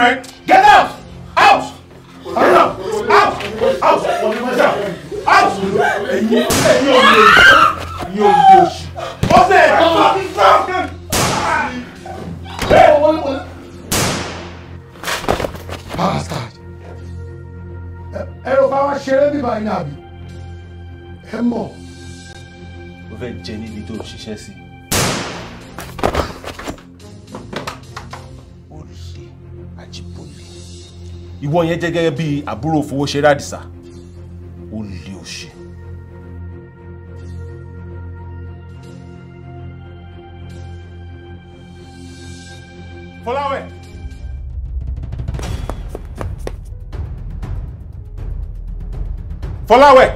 right. ìwọ yẹn jẹ́ gẹ́gẹ́ bíi àbúrò Fowóṣeré Àdìsá ó lé òṣì. Fọláwẹ̀. Fọláwẹ̀.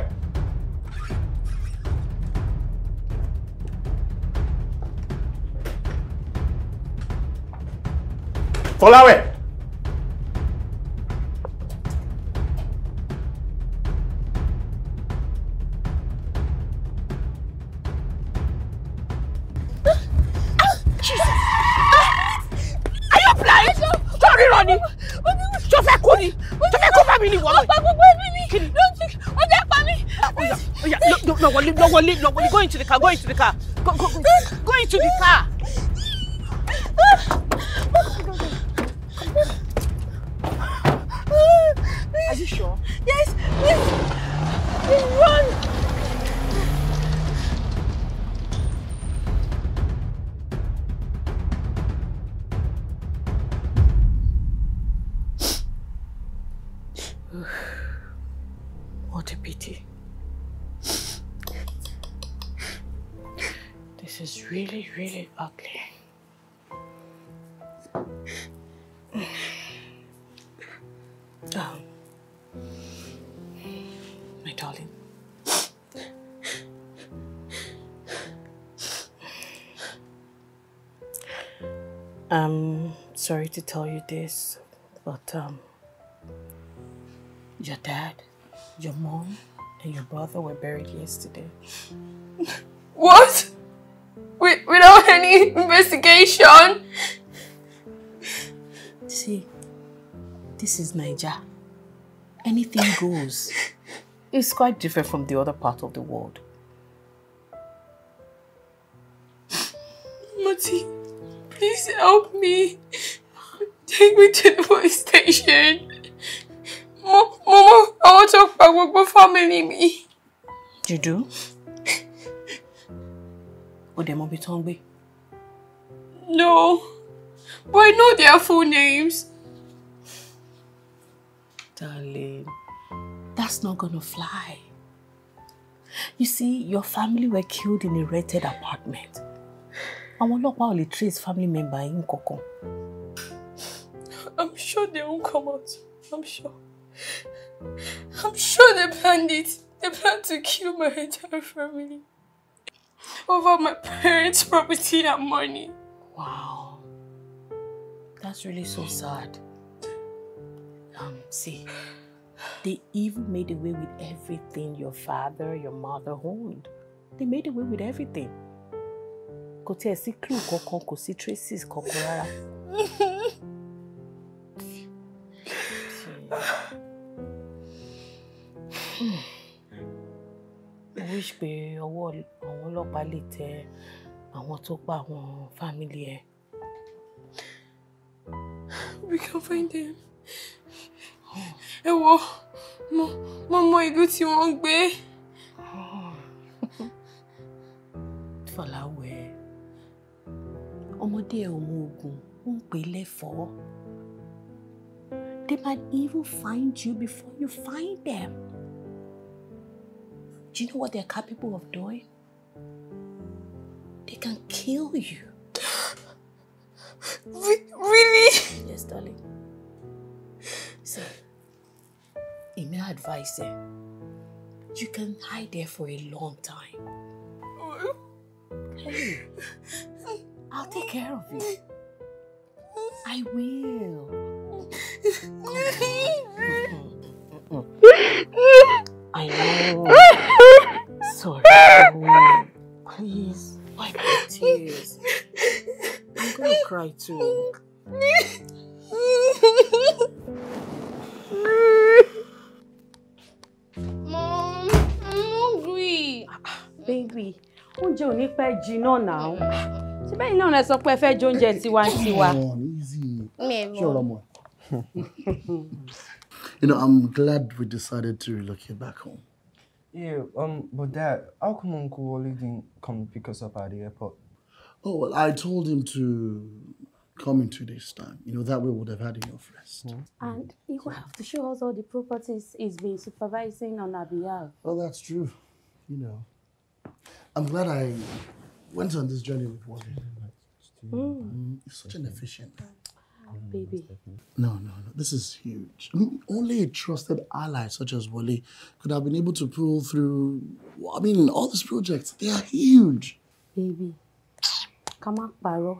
Fọláwẹ̀. vou goi tiricar. I'm um, sorry to tell you this, but um, your dad, your mom, and your brother were buried yesterday. What? without any investigation? See, this is Nigeria. Anything goes. it's quite different from the other part of the world. help me. Take me to the police station. Mom, Mama, I want to talk with my family Me. You do? O they mọ ibi tó No, but I know their full names. Darling, that's not gonna fly. You see, your family were killed in a rented apartment àwọn ọlọ́pàá ò lè trace family member yín kankan. I'm sure they won't come out. I'm sure. I'm sure they planned it. They planned to kill my entire family over my parents' property and money. Wow. That's really so sad. Um, see, they even made away with everything your father, your mother owned. They made away with everything. kò tiẹ̀ sí clue kankan kò sí traces kankan rárá. mo wish pé ọwọ́ àwọn ọlọ́pàá lè tẹ àwọn tó pa àwọn fámìlì ẹ. we can find them. ẹ wo mo mo mọ ìlú tí wọ́n ń gbé. fọláwẹ́. ọmọdé mọ oògùn ó ń pè lẹ́fọ̀ọ́. They might even find you before you find them. Do you know what they're capable of doing? They can kill you. Really? Yes, darling. So, in my advice, eh, you can hide there for a long time. Oh. Hey. I'll take care of you. I will. I know. Sorry. Oh, please, wipe your tears. I'm gonna cry too. Mom, I'm hungry. Ah, baby, oúnjẹ ò ní pẹ́ jiná náà. sọ pé fẹ́ You know, I'm glad we decided to relocate back home. Yeah, um, but Dad, how come Uncle Wally didn't come pick us up at the airport? Oh, well, I told him to come in two days' time. You know, that way we would have had enough rest. Mm -hmm. And he will have to show us all the properties he's been supervising on our behalf. Well, that's true. You know, I'm glad I went on this journey with Wally. Mm. It's such an efficient. Mm, baby. No, no, no. This is huge. I mean, only a trusted ally such as Wally could have been able to pull through. I mean, all these projects, they are huge. Baby. come on, parọ́.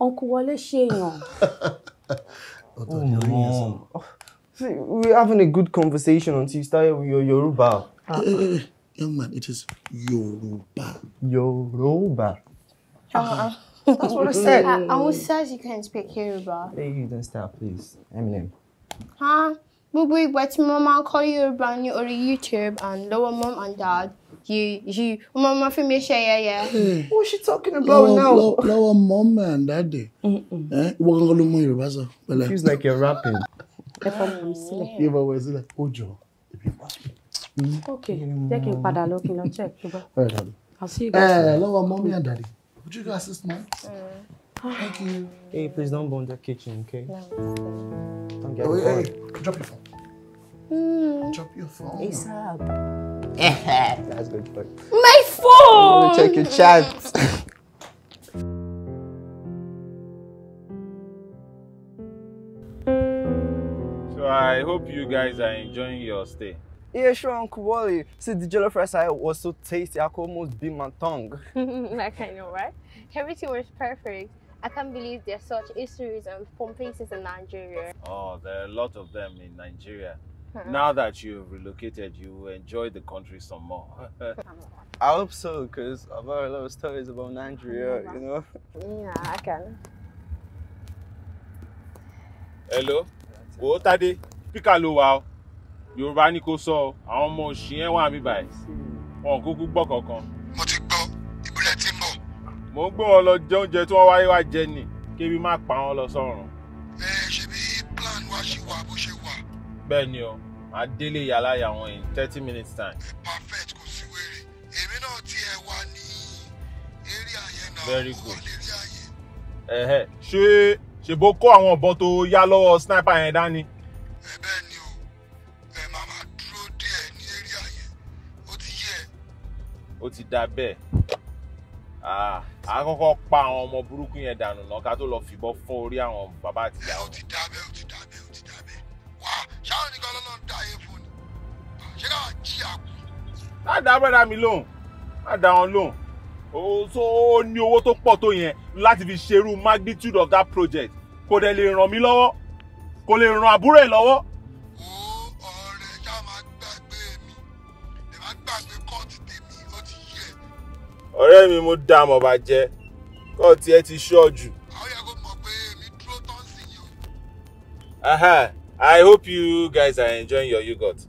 Uncle Wally, ṣe èèyàn. Oh, no. Oh, see, we're having a good conversation until you start with your Yoruba. Uh -uh. Young man, it is Yoruba. Yoruba. Uh-uh. That's what I said. I Who says you can't speak Yoruba? Hey, you don't start, please. Eminem. Huh? Gbogbo ìgbà mom? Call máa ń kọ́ Yorùbá ní orí YouTube and lower mom and dad you you ọmọ ọmọ fi mi yeah yẹ̀yẹ́. What's she talking about lọ́wọ́, now? Lower mom and dad. Eh? Ìwọ gangan ló mú like you're rapping. Ẹ fọwọ́ mi sílẹ̀. Ẹ fọwọ́ mi sílẹ̀. Ó jọ, èmi wá okay taking kí n padà lọ kí check tó bá. I'll see you guys. ẹ eh, lọ́wọ́ mommy and daddy would you go assist me. Mm. thank you. hey please don't burn the kitchen okay. No. don't get oh, hey, hey, drop your phone. Mm. drop your phone. ASAP. that's good for my phone. take your chance. So I hope you guys are enjoying your stay. Yeah, sure, Uncle Wally. See, the jello fries I was so tasty, I could almost bit my tongue. like I know, right? Everything was perfect. I can't believe there's such histories and fun places in Nigeria. Oh, there are a lot of them in Nigeria. Now that you've relocated, you enjoy the country some more. I hope so, because I've heard a lot of stories about Nigeria, you know? Yeah, I can. Hello? Oh, Tade, pick a low wow. yorùbá ní kó sọ àwọn ọmọ òṣì yẹn wà mí báyìí wọn kúkú gbọ́ kankan. mo ti gbọ́ ìbílẹ̀ tí ń bọ̀. mo ń gbé wọn lọ jẹ oúnjẹ tí wọ́n wáyé wá jẹ ni kébi má pa wọn lọ sọ́run. ẹ ṣe bí plan wa ṣì wà bó ṣe wà. bẹ́ẹ̀ ni o màá délé yàrá yàwọn in thirty minutes time. perfect kò sí wèrè èmi náà ti ẹ̀ wà ní eré àyẹ̀ náà very good ṣé ṣe bó kó àwọn ọ̀bọ tó yá lọ́wọ́ sniper yẹn dání. ó ti dá bẹ́ẹ̀ ah, a kọ́kọ́ pa àwọn ọmọ burúkú yẹn dànù náà ká tó lọ fìbọn fọ́ orí àwọn bàbá àti ìyá wọn. ó ti dá bẹ́ẹ̀ ó ti dá bẹ́ẹ̀ ó ti dá bẹ́ẹ̀ wá ṣáà nìkan lọ́nà dá ayé fún ni ṣé káwá jí àkú. má dá bọ́dà mi lóhùn má dá wọn lóhùn ó ní owó tó pọ̀ tó yẹn láti fi ṣerú magnitude of that project kò dẹ̀ lè ràn mí lọ́wọ́ kò lè ràn àbúrò ẹ̀ lọ́wọ́ ọ̀rẹ́ mi mo dá àmọ̀ bàjẹ́ kọ́ ti ẹ ti ṣọ́ jù. àwọn yẹ kó pé èmi dúró tán sí yìí o. I hope you guys are enjoying your yogurt.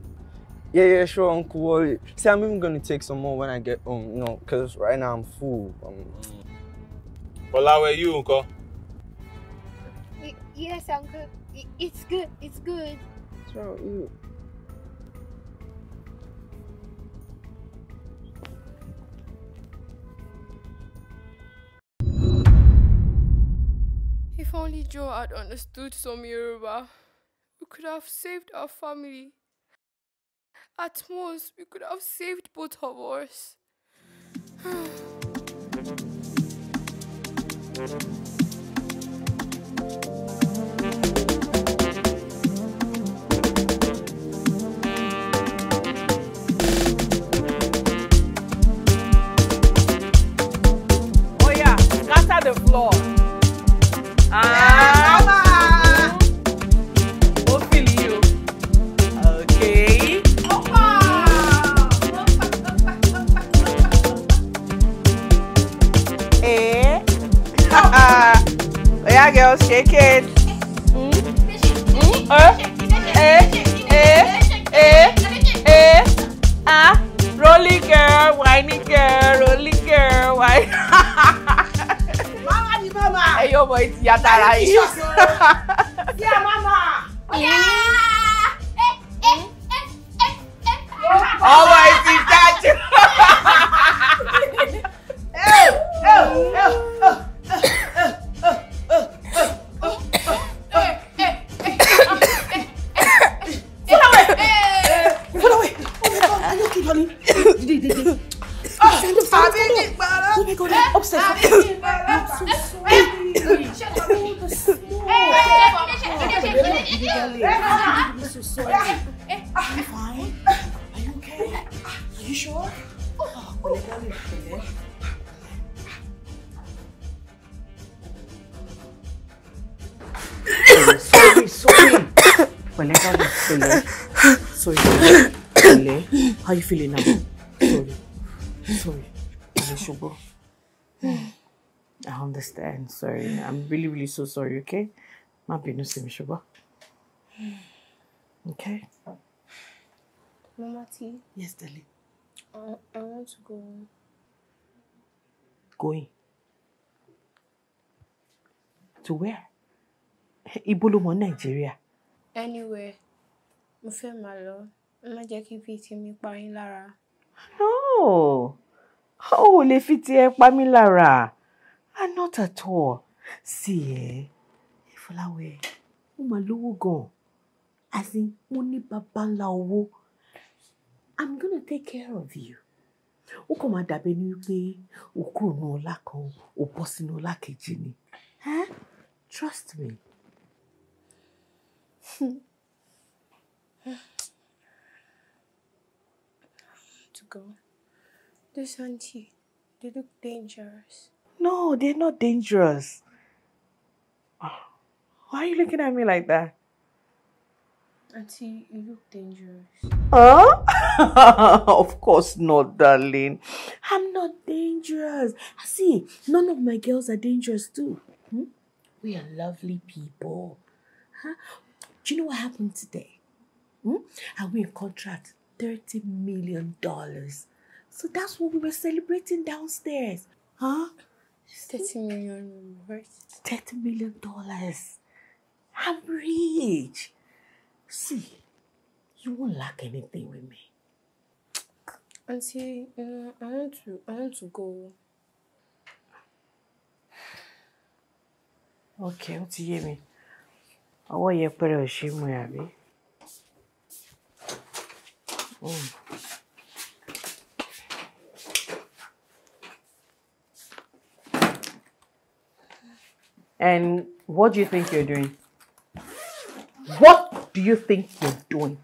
Yeah, yeah, sure, Uncle Wally. See, I'm even gonna take some more when I get home, you know, because right now I'm full. Um... are you, Uncle? Y yes, Uncle. Y it's good, it's good. So wrong you? If only Joe had understood some Yoruba, we could have saved our family. At most, we could have saved both of us. oh yeah, scatter the floor. Yeah, girl, shake it. Mm. Mm. Uh. Eh. Eh. girl, eh? Eh? Eh? eh. Ah. Rolling girl, whiny girl, rolling girl, whiny. Mama ni mama. Ẹyọ ọmọ ìtì yàtàrà yìí. Bí a mama. Ọmọ feeling now. Sorry. Sorry. Elishogbo. I understand. Sorry. I'm really, really so sorry, okay? Má bínú sí mi, Shogbo. Okay? Mama T. Yes, darling. Uh, I want to go. Going? To where? Ibo lo Nigeria. Anywhere. Mo fẹ́ má jẹ́ kí fi tèmi pa yín lára. no ó ò lè fi tiẹ̀ pa mí lára ah not at all sí ẹ ìfọláwẹ ó mà lówó gan àti mo ní bàbá ńlá owó i'm gonna take care of you ó kàn máa dàbí ẹni wípé o kúrò ní ọlá kan o bọ́ sínú ọlá kejì ni trust me. go. This auntie, they look dangerous. No, they're not dangerous. Ah, why are you looking at me like that? Auntie, you look dangerous. Huh? of course not, darling. I'm not dangerous. See, none of my girls are dangerous too. Hmm? We are lovely people. Huh? Do you know what happened today? Hmm? Are we in contract $30 million. So that's what we were celebrating downstairs. Huh? $30 million $30 million. I'm rich. See, you won't lack anything with me. Auntie, you know, I want to, I want to go. Okay, Auntie Yemi, I want your yẹpẹrẹ ò ṣe mú and what do you think you're doing? What do you think you're doing?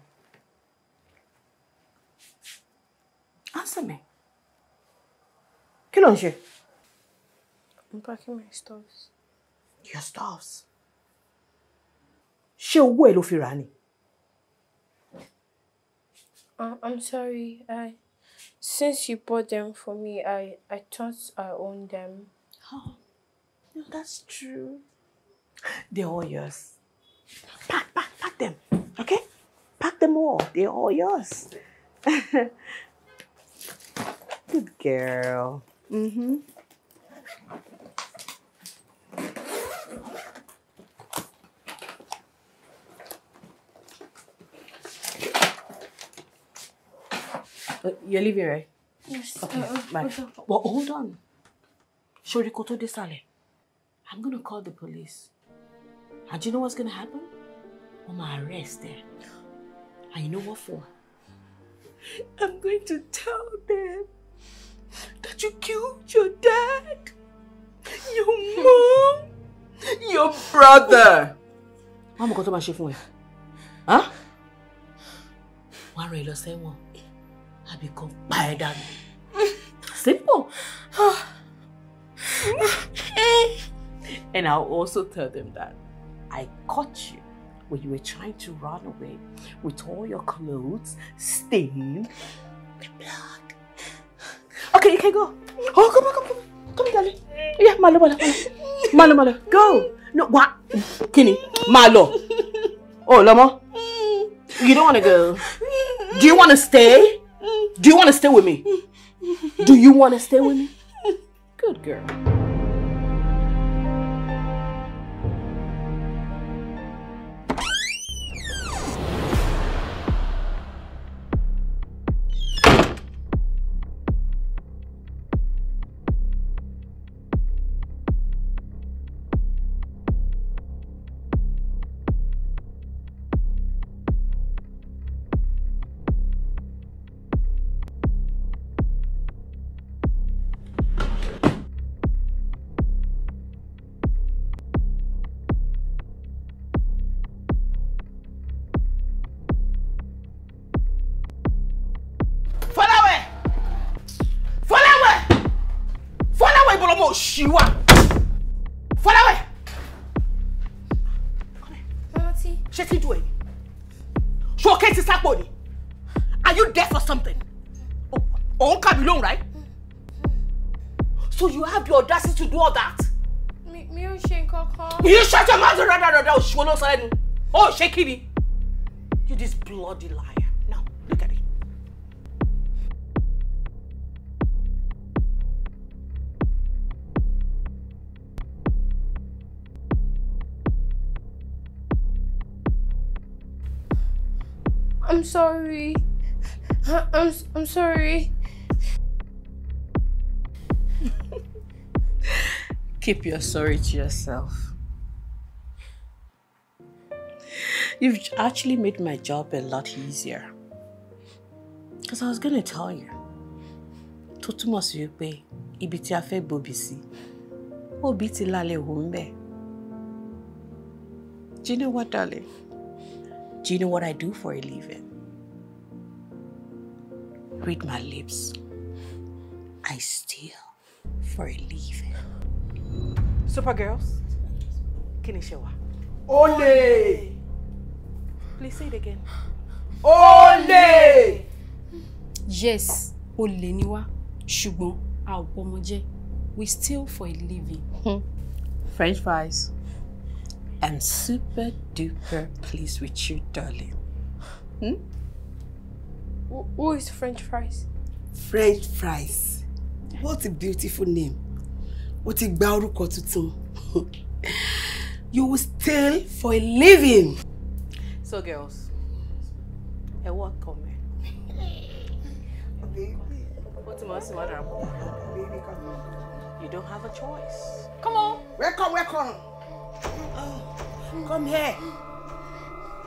Answer me. ki on ló ṣe? I'm packing my stuffs. Your stuffs? She'll wait for you, rà I'm sorry. I since you bought them for me, I I thought I owned them. Oh, no, that's true. They're all yours. Pack, pack, pack them. Okay, pack them all. They're all yours. Good girl. Mm-hmm. you're leaving, right? Yes. Okay, uh, uh bye. But uh, hold on. Shorikoto Desale, I'm going to call the police. And you know what's going to happen? I'm going to arrest them. And you know what for? I'm going to tell them that you killed your dad, your mom, your brother. I'm go to my chef. Huh? One ray, same one àbí kan pa ẹ dànù simple. and I'll also tell them that I caught you when you were trying to run away with all your clothes stained black. Okay, you can go. Oh, come on, come on. Come on, darling. Yeah, Malo, Malo, Malo. Malo, Go. No, what? Kenny, Malo. Oh, Lomo. You don't want to go. Do you want to stay? Do you want to stay with me? Do you want to stay with me? Good girl. Oh, sọ lẹ́nu ó you this bloody liar now look at it. I'm sorry. I'm I'm sorry. Keep your sorry to yourself. You've actually made my job a lot easier. Because I was going to tell you. Tó túmọ̀ sí wípé ibi tí a fẹ́ gbòbì sí, òbí ti lálẹ́ òun Do you know what, darling? Do you know what I do for a living? Read my lips. I steal for a living. Supergirls, kí ni ṣe wá? Please say it again. Olè! Yes, olè ni wá, ṣùgbọ́n a ò bọ́mọ jẹ́. We steal for a living. Hmm. French fries. I'm super duper pleased with you, darling. Hmm? who is French fries? French fries. What a beautiful name. What a gba orúkọ You will steal for a living. So girls, a what coming? Baby. What's the most water? Baby, come on. You don't have a choice. Come on. Welcome, welcome. Oh, come here.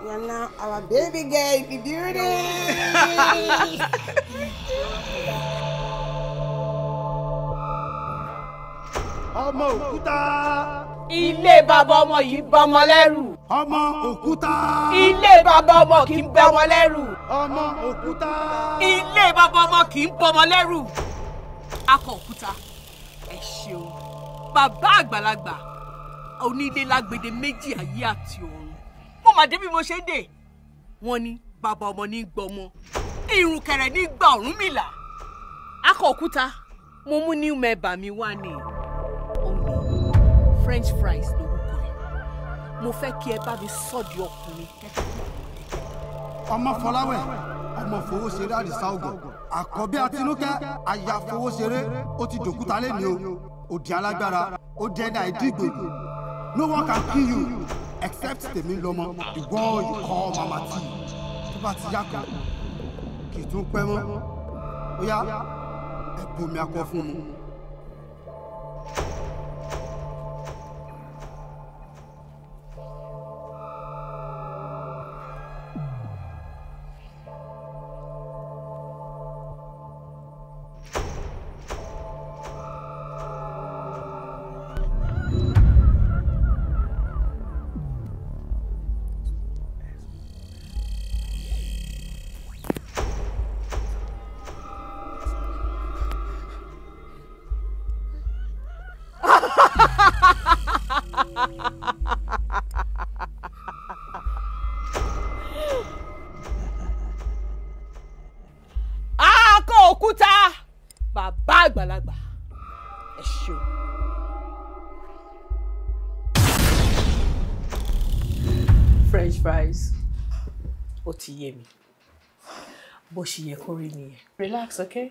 You are now our baby girl, the beauty. Amo òkúta. ilé bàbá ọmọ yìí bọmọ lẹ́rù ọmọ òkúta. ilé bàbá ọmọ kì í bá ọmọ lẹ́rù. ọmọ òkúta. ilé bàbá ọmọ kì í bọmọ lẹ́rù. akọ òkúta ẹ ṣeun bàbá àgbàlagbà onílé lágbède méjì ayé àti ọ̀run mo mà débi mo ṣe dé wọ́n ní bàbá ọmọ ní gbọmọ irun kẹrẹ ní gba Ọ̀rúnmìlà akọ òkúta mo mú new member mi wá ní òní french fries ló mo fẹ́ kí ẹ bá mi sọ di ọkùnrin. ọmọ fọláwẹ ọmọ fowóṣeré àdìsá ògọ àkọ́bí àtinúkẹ́ àyà fowóṣeré ó ti dòkúta lẹ́ni o òdì alágbára ó jẹ́ ní àìdígbò no one can kill you except tèmi lọ́mọ ìwọ ìkọ́ mama tí tó bá ti yá kan kì í tún pẹ́ mọ́ ó yá ẹ̀ akọ fún mi. ṣì yẹ relax okay.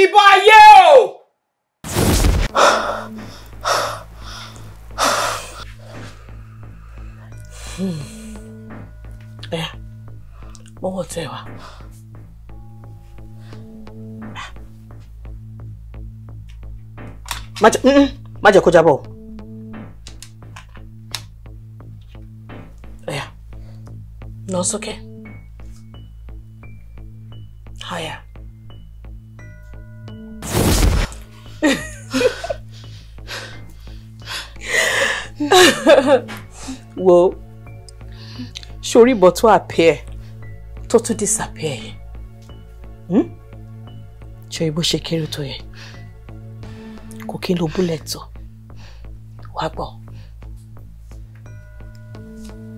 ìbò ayé o. ẹ hmm. eh, mọ́wọ́ tẹ̀ wá. Ah. má jẹ́ kó jábọ̀ o. Lọ sókè. Higher. Wo sori bọ̀ tó appear tó tún disappear yẹn. Ṣé ibo ṣe kéré tó yẹ? Kò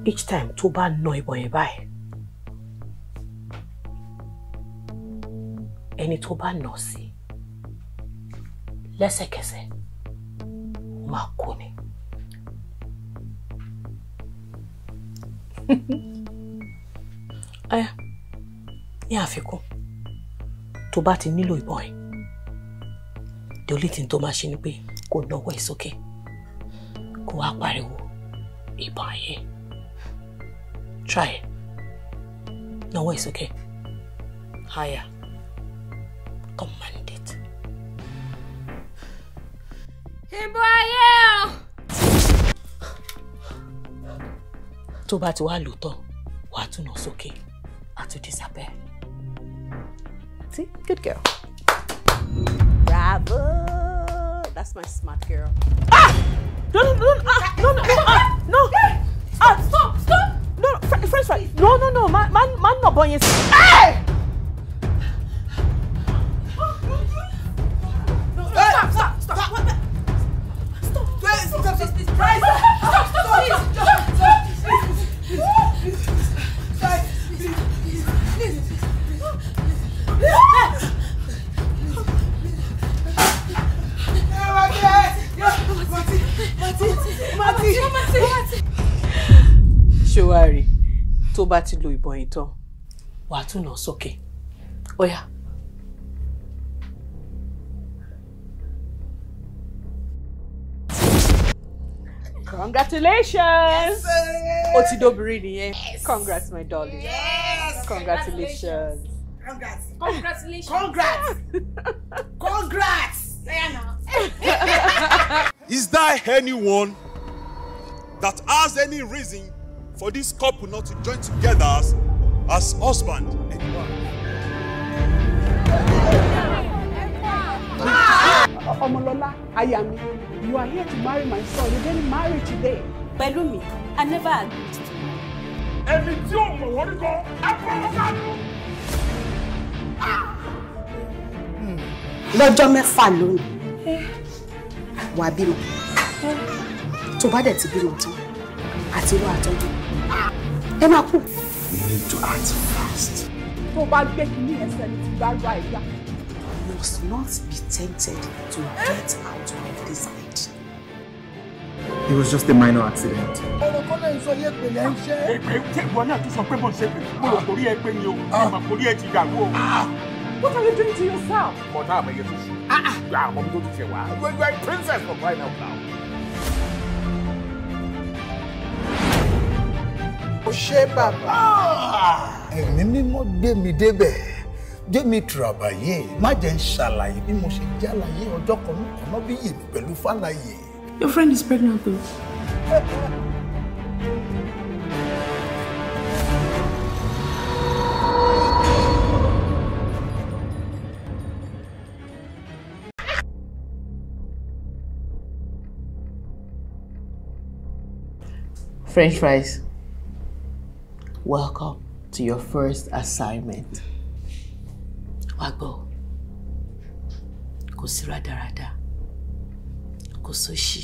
each time tó bá na ìbọn yẹn báyìí ẹni tó bá nà sí lẹ́sẹ̀kẹsẹ̀ máa kú ni. ẹ ní àfikún tó bá ti nílò ìbọn ẹ the only thing tó máa ṣe ni pé kó náwó ẹ sókè kó wá pariwo ìbọn yẹn. Try. No, it's okay. Higher. Command it. Hey, boy, tó bá ti wá lò tán wà á tún nà sókè disappear. see good girl. bravo that's my smart girl. ah no no no ah, no no ah, no ah stop stop. friends are. No, no, no, man, man, man, not buying it. Hey! Stop, stop, stop. Stop, stop, stop, please, please. Stop, stop, please. Stop, stop, please. Please, please, please, please, please. Mati, Mati, Mati, Mati. Ṣé wàá rí i? tó bá ti lo ìbọn yìí tán wàá tún nà sókè ọ̀yà. Congratulations! Yes, o ti dobìnrin nìyẹn. Congrats my darling. Yes! Congratulations. Congrats. Congratulations. Congrats. Congrats. Is there anyone that has any reason for this couple not to join together as, as husband and wife. Omolola, Ayami, you are here to marry my son. You didn't marry today. Belumi, I never agreed. to tí ò mọ̀ wọ́n kọ́, ẹ fọwọ́ kánú. Lọ́jọ́ mẹ́fà lónìí, wàá bímọ. Tó bá dẹ̀ ti bímọ tán, àti wàá tọ́jú ẹ máa we need to act fast. tó o bá gbé kínní yẹn sẹ́ni tí you must not be tempted to get out of this bed. It was just a minor accident. Ọ̀rọ̀ kọ́lá ìsọ yẹ pé lẹ́ ń ṣe. tí ìwọ náà tún sọ pé mo ṣe mo rò kórí ẹ pé ni o, ìmọ̀ ah. kórí ẹ ti dàgbò ah. What are you doing to yourself? Ọ̀tá àmọ̀ tó ṣe. Ah, gba àwọn tó ti ṣẹ̀ You are a princess for crying out loud. ó ṣe bàbá. ẹ̀mí mímọ́ gbé mi débẹ̀ gbé mi tìràbàyè má jẹ́ ń ṣàlàyé bí mo ṣe jàlàyé ọjọ́ kan náà kọ́nà bí yèmí pẹ̀lú fàlàyé. Your friend is pregnant though. French fries welcome to your first assignment. Wá gbọ́, kò sí rádaràda, kò sóṣì,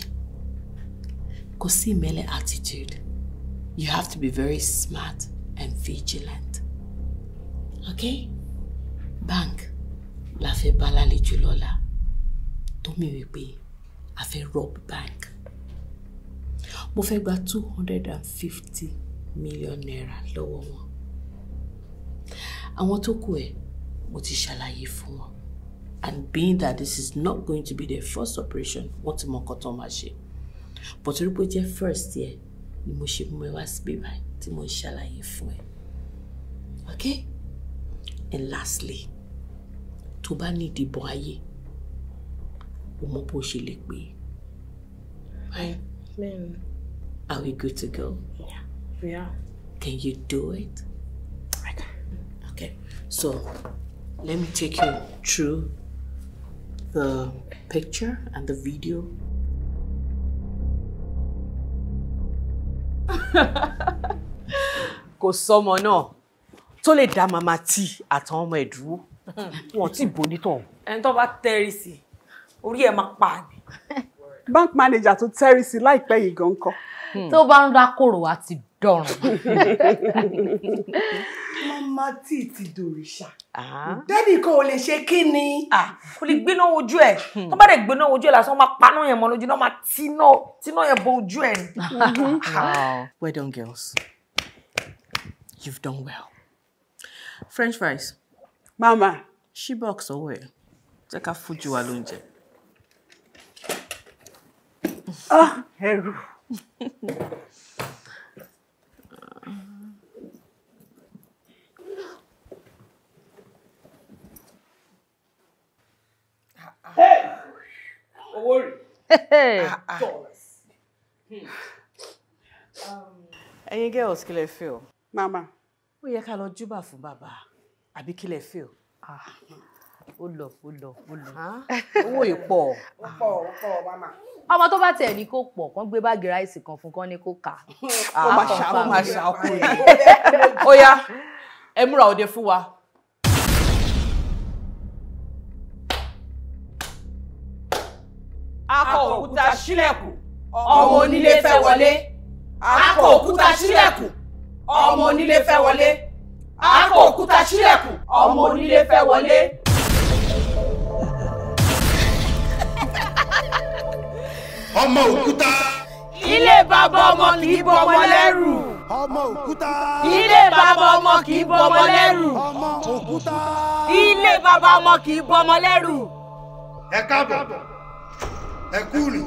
kò sí ìmẹ́lẹ̀ attitude. You have to be very smart and vigilant. Okay? Bank la fẹ́ bá lálejò lọ́la tó mi wípé a fẹ́ rob bank. Mo fẹ́ gba two hundred and fifty mílíọ̀nù náírà lọ́wọ́ wọn àwọn tó kù ẹ mo ti ṣàlàyé fún wọn and being that this is not going to be their first operation wọ́n ti mọ nǹkan tó máa ṣe but torí pé jẹ́ first yẹ ni mo ṣe mú ẹ wá síbí báyìí tí mo ń ṣàlàyé fún ẹ okay and lastly tó bá ní ìdìbò ayé o mọ bó ṣe lè pè é. Are we good to go? Yeah. Yeah. Can you do it? I can. Okay. So let me take you through the picture and the video. Kò sọ́mọ náà tó lè dá màmá tí àtàwọn ọmọ ẹ̀ dúró. Wọ́n ti bò nítàn. Ẹni tó bá tẹ́rì sí, orí ẹ̀ pa ni. Bank manager to Terisi like láìpẹ́ yìí gan-an kọ́. Tó bá ń dá dọ̀rùn. mama tí ti dòrìṣà ah. dádì kan ò lè ṣe kí ni. Ah, kò lè gbéná ojú ẹ hmm. tó bá dé gbéná ojú ẹ lásán máa paná yẹn mọ lójú náà máa tíná yẹn bọ ojú ẹ. Mm-hmm. Ah. well done girls you've done well french fries. mama. she bọ́ọ̀sì ọwọ́ ẹ̀ jẹ́ ká fojú wa lóúnjẹ. ẹrù. owó hey! Ah, ah. dollars. Hmm. Um. ẹ̀yin girls kí lẹ fẹ́ o. mama. ó yẹ ká juba for Baba. I be kí lẹ fẹ́ o. Ah. ó lọ ó lọ ó lọ owó yìí pọ̀. ó pọ̀ ó pọ̀ mama. ọmọ tó bá tẹ̀ ní kó pọ̀ kán gbé báàgì ráìsì kan fún kán ní kó kà. ó máa ṣàkóso ó yá ẹ múra òde fún wa. sílẹ̀kùn ọmọ onílé fẹ́ wọlé akọ òkúta sílẹ̀kùn ọmọ onílé fẹ́ wọlé akọ òkúta sílẹ̀kùn ọmọ onílé fẹ́ wọlé. ọmọ òkúta. ilé bàbá ọmọ kì í bọ ọmọ lẹ́rù. ọmọ òkúta. ilé bàbá ọmọ kì í bọ ọmọ lẹ́rù. ọmọ òkúta. ilé bàbá ọmọ kì í bọ ọmọ lẹ́rù. ẹ káàbọ̀ ẹ kúrì.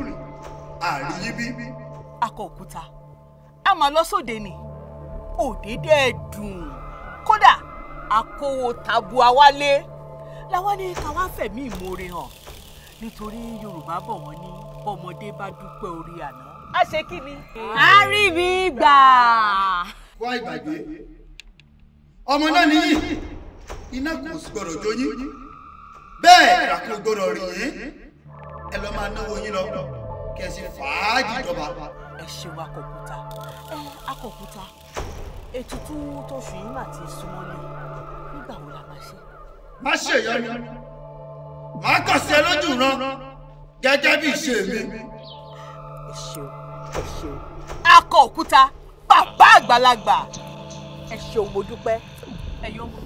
àrí yín bí. akọ òkúta a máa lọ sóde ni òdèdè ẹ̀dùn kódà akówó tabua wálé làwọn ní ká wá fẹ̀mí ìmoore hàn nítorí yorùbá bọ̀ wọ́n ní ọmọdé bá orí àná. a ṣe kí ni. a rí mi gbà. wá náà nìyí iná kò jó bẹ́ẹ̀ ẹ lọ́ọ́ máa náwó yín lọ. kẹsì fàájì jọba. ẹ ṣe wa kòkúta ẹ akòkúta ètùtù tó fi yín mà ti súnmọ́ ní nígbà wo la máa ṣe. má ṣe ìyọnu màá kàn sí ẹ lójú ràn gẹ́gẹ́ bí ìṣe mi. ẹ ṣeun ẹ ṣeun akọ òkúta bàbá àgbàlagbà ẹ ṣeun mo dúpẹ́ ẹ yọ ọmọ.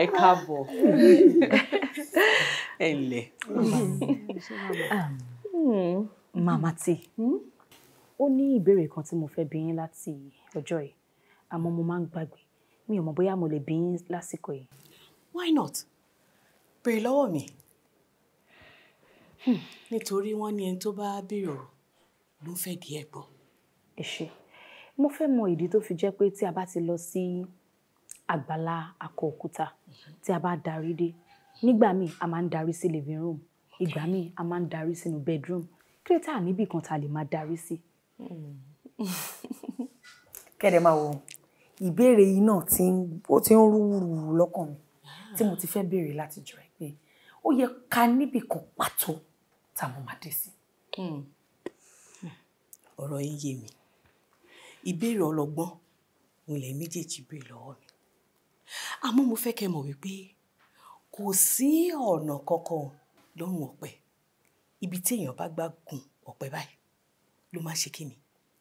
ẹ káàbọ̀ ẹ mama. màmá tí hmm? ó ní ìbéèrè kan tí mo fe bi yín láti ọjọ́ yìí àmọ́ mo máa ń mi o mọ̀ bóyá mo lè bi yín lásìkò yìí. why not béèrè lọ́wọ́ mi hmm. nítorí wọ́n ní ẹni tó bá béèrè ọ̀rọ̀ ló fẹ́ di ẹ̀ gbọ́. ẹ ṣé mo fẹ́ mọ ìdí tó fi jẹ́ pé tí a bá ti lọ sí àgbàlá akọ òkúta mhm. tí a bá darí dé nígbà míì a máa ń darí sí living room ìgbà míì a máa ń darí sínú bedroom kírẹ́tà níbì kan ta lè máa darí sí. Hmm. kẹ́dẹ̀ máa wò ìbéèrè yìí náà tí ó ti ń rú wùrùwùrù lọ́kàn mi tí mo ti fẹ́ béèrè látijọ́ ẹ pé ó yẹ ká níbì kan pàtó tá mo máa dé sí. Hmm. ọ̀rọ̀ yín yé mi ìbéèrè ọlọ́gbọ́n òun lè méjèèjì béèrè lọ́wọ́ mi àmọ́ mo fẹ́ kẹ́ mọ̀ wípé kò sí ọ̀nà kankan lọ́rùn ọ̀pẹ ibi tí èèyàn bá gbá gun ọ̀pẹ báyìí ló máa ṣe kíni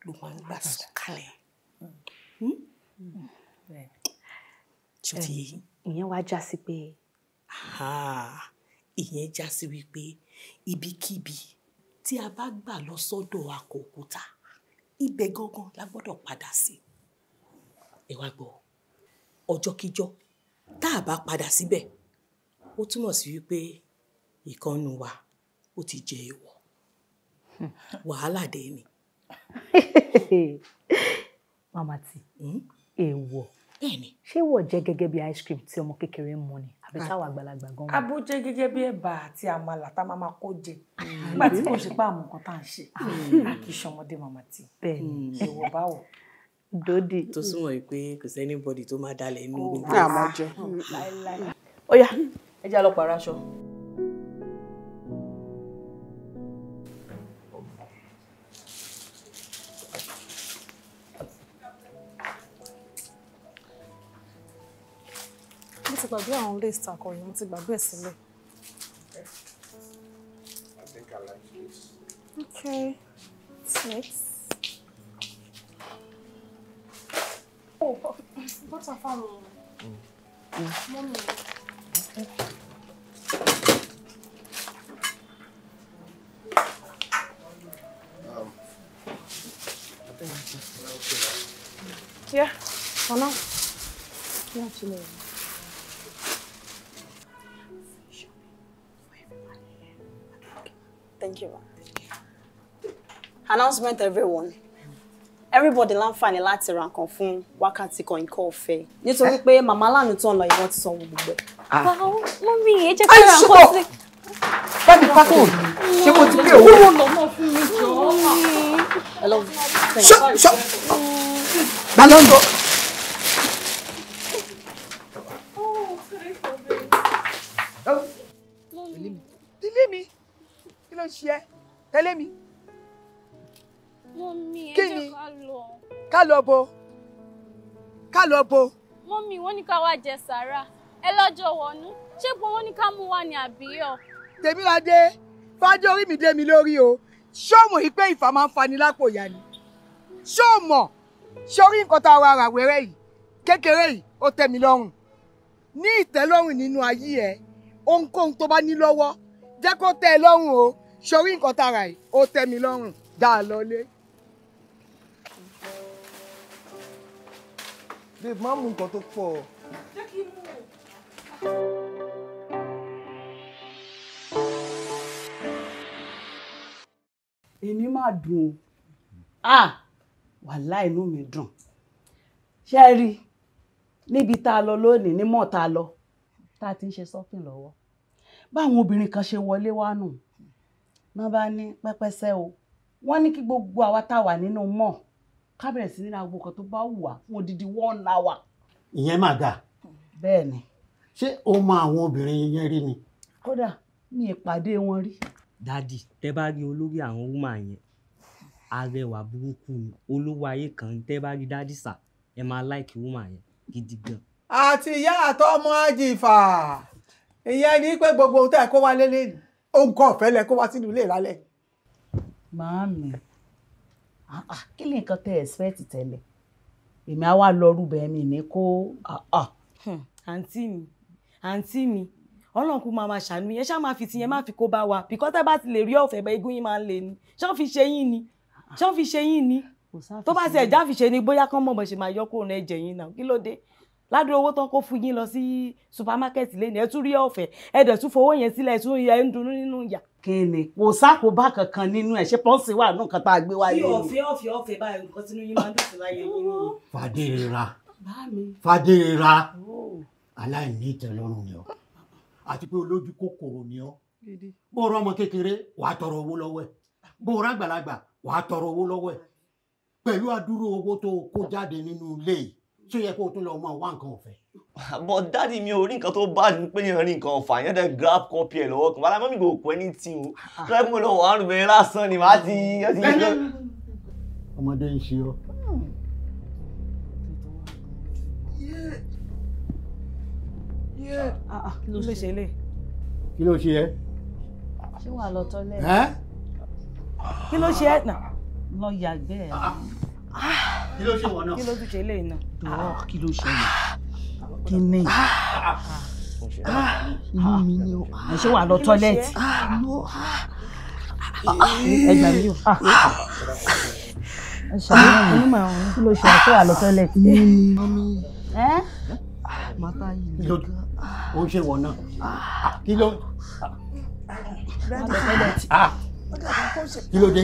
ló máa ń gbà sọ kalẹ̀ hmm? hmm? hmm. ṣó ti yé ìyẹn wá já sí pé. ìyẹn já sí wípé ibikíbi tí a bá gbà lọ sọ́dọ̀ akọ òkúta ibẹ̀ gangan la gbọ́dọ̀ padà sí ẹ wá gbọ́ ọ ọjọ́kíjọ́ tá a bá padà síbẹ̀ ó túmọ̀ sí wípé ìkànnù wa ó ti jẹ èèwọ̀ wàhálà dé ni. mama ti hmm? èèwọ̀ ṣé wọ̀ jẹ́ gẹ́gẹ́ bí ice cream tí ọmọ kékeré ń mu ni àbí táwọn àgbàlagbà gan. abo jẹ́ gẹ́gẹ́ bí ẹ̀bà àti àmàlà tá a máa máa kó jẹ nígbà tí kò ṣe pé àwọn nǹkan tá à ń ṣe hmm. a kì í ṣọmọdé mama èèwọ̀ báwo. Dodi. tó súnmọ́ yìí pé kò sẹ́ni bọ́dì tó máa dalẹ̀ inú gbogbo. àmọ́ jẹ. Hmm. ó ẹ jẹ́ á aṣọ. mo ti gbàgbé àwọn lace akọrin mo ti gbàgbé ẹ̀ sílẹ̀. Okay, next. Oh, what's a family? Mommy. Um, I think it's Yeah, for now. Yeah, to me. Thank you. Announcement, everyone. everybody láǹfààní láti ra nǹkan fún wákàtí kan nǹkan ọ̀fẹ́ nítorí eh? pé Mama lánàá tó ń lọ ìwọ́n ti sanwó gbogbo ẹ̀. Ah. Ah, mọ́mí ẹ jẹ́ kí ra nǹkan sí. báyìí pátó ṣé kò ti pé owó. kúrò lọ́mọ fún mi jọ. ṣọ ṣọ balọ̀ndọ̀. tẹ̀lé mi kí ló ń ṣe ẹ́ tẹ̀lé mi mọ́mí ẹ jẹ́ ká lọ. ká lọ bo ká lọ bo. mọ́mí wọ́n ní ká wá jẹ sàrà ẹ lọ́jọ́ wọnú ṣé pé wọ́n ní ká mú wa ní àbíyọ̀. tèmíládé fájọ orí mi dé mi lórí o ṣọ́ọ̀mù yìí pé ìfà máa ń fani lápò ìyá ni ṣọ́ọ̀mù ṣorí nǹkan tá a wá ara wẹ̀rẹ̀ yìí kékeré yìí ó tẹ́ mi lọ́rùn ní ìtẹ́lọ́rùn nínú ayé ẹ ohunkóhun tó bá ní lọ́wọ́ jẹ́ kó tẹ́ ẹ lọ́rùn o ṣorí nǹkan tá a rà yìí ó tẹ́ mi lọ́rùn dáa lọ́lé. babe ma mú nǹkan tó pọ̀. jẹ́ kí n mú o. èmi máa dùn ó wàhálà inú mi dùn ṣé ẹ rí níbi tá a lọ lónìí ní mọ̀ tá a lọ tá a ti ń ṣe sọ́fìn lọ́wọ́ báwọn obìnrin kan ṣe wọlé wá nù náà bá ní pẹ́pẹ́sẹ́ o wọ́n ní kí gbogbo àwa tá a wà nínú mọ̀ ká bẹ̀rẹ̀ sí ní ra gbogbo kan tó bá wù wá fún odidi one hour. ìyẹn máa dà. bẹ́ẹ̀ ni. ṣé o mọ àwọn obìnrin yẹn rí ni. kódà mi ì pàdé wọn rí. dadi tẹ bá rí olórí àwọn wúmà yẹn arẹwà burúkú ni olówó ayé kan tẹ bá rí dadi sà ẹ máa láìkí wúmà yẹn gidi gan. àti ìyá àtọmọ àjìfà ìyẹn ni pé gbogbo ohun tẹ kó wá lélẹyìn ohun kan ọ̀fẹ́ lẹ kó wá sínú ilé ìlálẹ̀. màámi Ah, ah, kí ni nǹkan tẹ expect tẹ́lẹ̀ èmi á wá lọ rúbẹ mi ní kó. Ah, àǹtí mi àǹtí mi ọlọ́run kú máa máa ṣàánú yẹn ṣá máa fi tiyẹn máa fi kó bá wa bìkọ́ tẹ́ bá ti lè rí ọ̀fẹ́ bẹ́ẹ̀ igun yín máa ń le ni ṣé wọ́n fi ṣe yín ni ṣé wọ́n fi ṣe yín ni tó bá ti ẹ̀já fi ṣe ni bóyá kán mọ̀mọ́ ṣe máa yọ kó rẹ ẹ̀jẹ̀ yín náà kí ló dé ládùúgbò owó tán kó fún yín lọ sí supermarket lẹ́nu ẹ̀ tún rí ọ̀fẹ́ ẹ̀ dẹ̀ tún fowó yẹn sílẹ̀ ẹ̀ tún yẹ ń dunnú nínú ìyà kí ni kò sákòbá kankan nínú ẹ ṣe pọ́ǹsì wà nù kan tá a gbé wáyé. bí ọ̀fẹ́ ọ̀fẹ́ ọ̀fẹ́ báyìí nǹkan sínú yín máa ń dùn sí láyé yín. fàdéra fàdéra aláìní ìtẹ́lọ́rùn ni ọ àti pé olójú kòkòrò ni ọ bó rọ ọmọ kékeré wà á tọrọ owó lọ́wọ́ ẹ bó rọ àgbàlagbà wà á tọrọ owó lọ́wọ́ ẹ pẹ̀lú adúrú owó tó kó jáde nínú ilé yìí tí ó yẹ kó o tún lọ mọ wá nǹkan ọ̀fẹ́. but dáàdi mi ò rí nǹkan tó bá ní pé yẹn rí nǹkan ọ̀fà yẹn dẹ̀ grab copy ẹ̀ lọ́wọ́ kan wàhálà mọ́mí kò pẹ́ ní tí o tó yẹ kó lọ wà á rùn bẹ́ẹ̀ lásán ni màá ti yẹ ti yẹ. ọmọdé ń ṣe ọ. kí ló ṣe lè. kí ló ṣe ẹ. ṣé wàá lọ tọ́lẹ̀. kí ló ṣe ẹ. lọ yàgbẹ́ ẹ. Ah kí ló ṣe wọ náà. kí ló tún ṣe eléyìí náà. dùrọ̀ kí ló ṣe yẹn kí ni inú mi ni o ṣé wàá lọ tọ́lẹ́ẹ̀tì ẹ gbà mí o ṣàlùmọ́ onímọ̀ ọ̀hún kí ló ṣe ṣé wàá lọ tọ́lẹ́ẹ̀tì. mata yìí ló ó ṣe wọ náà kí ló kí ló dé.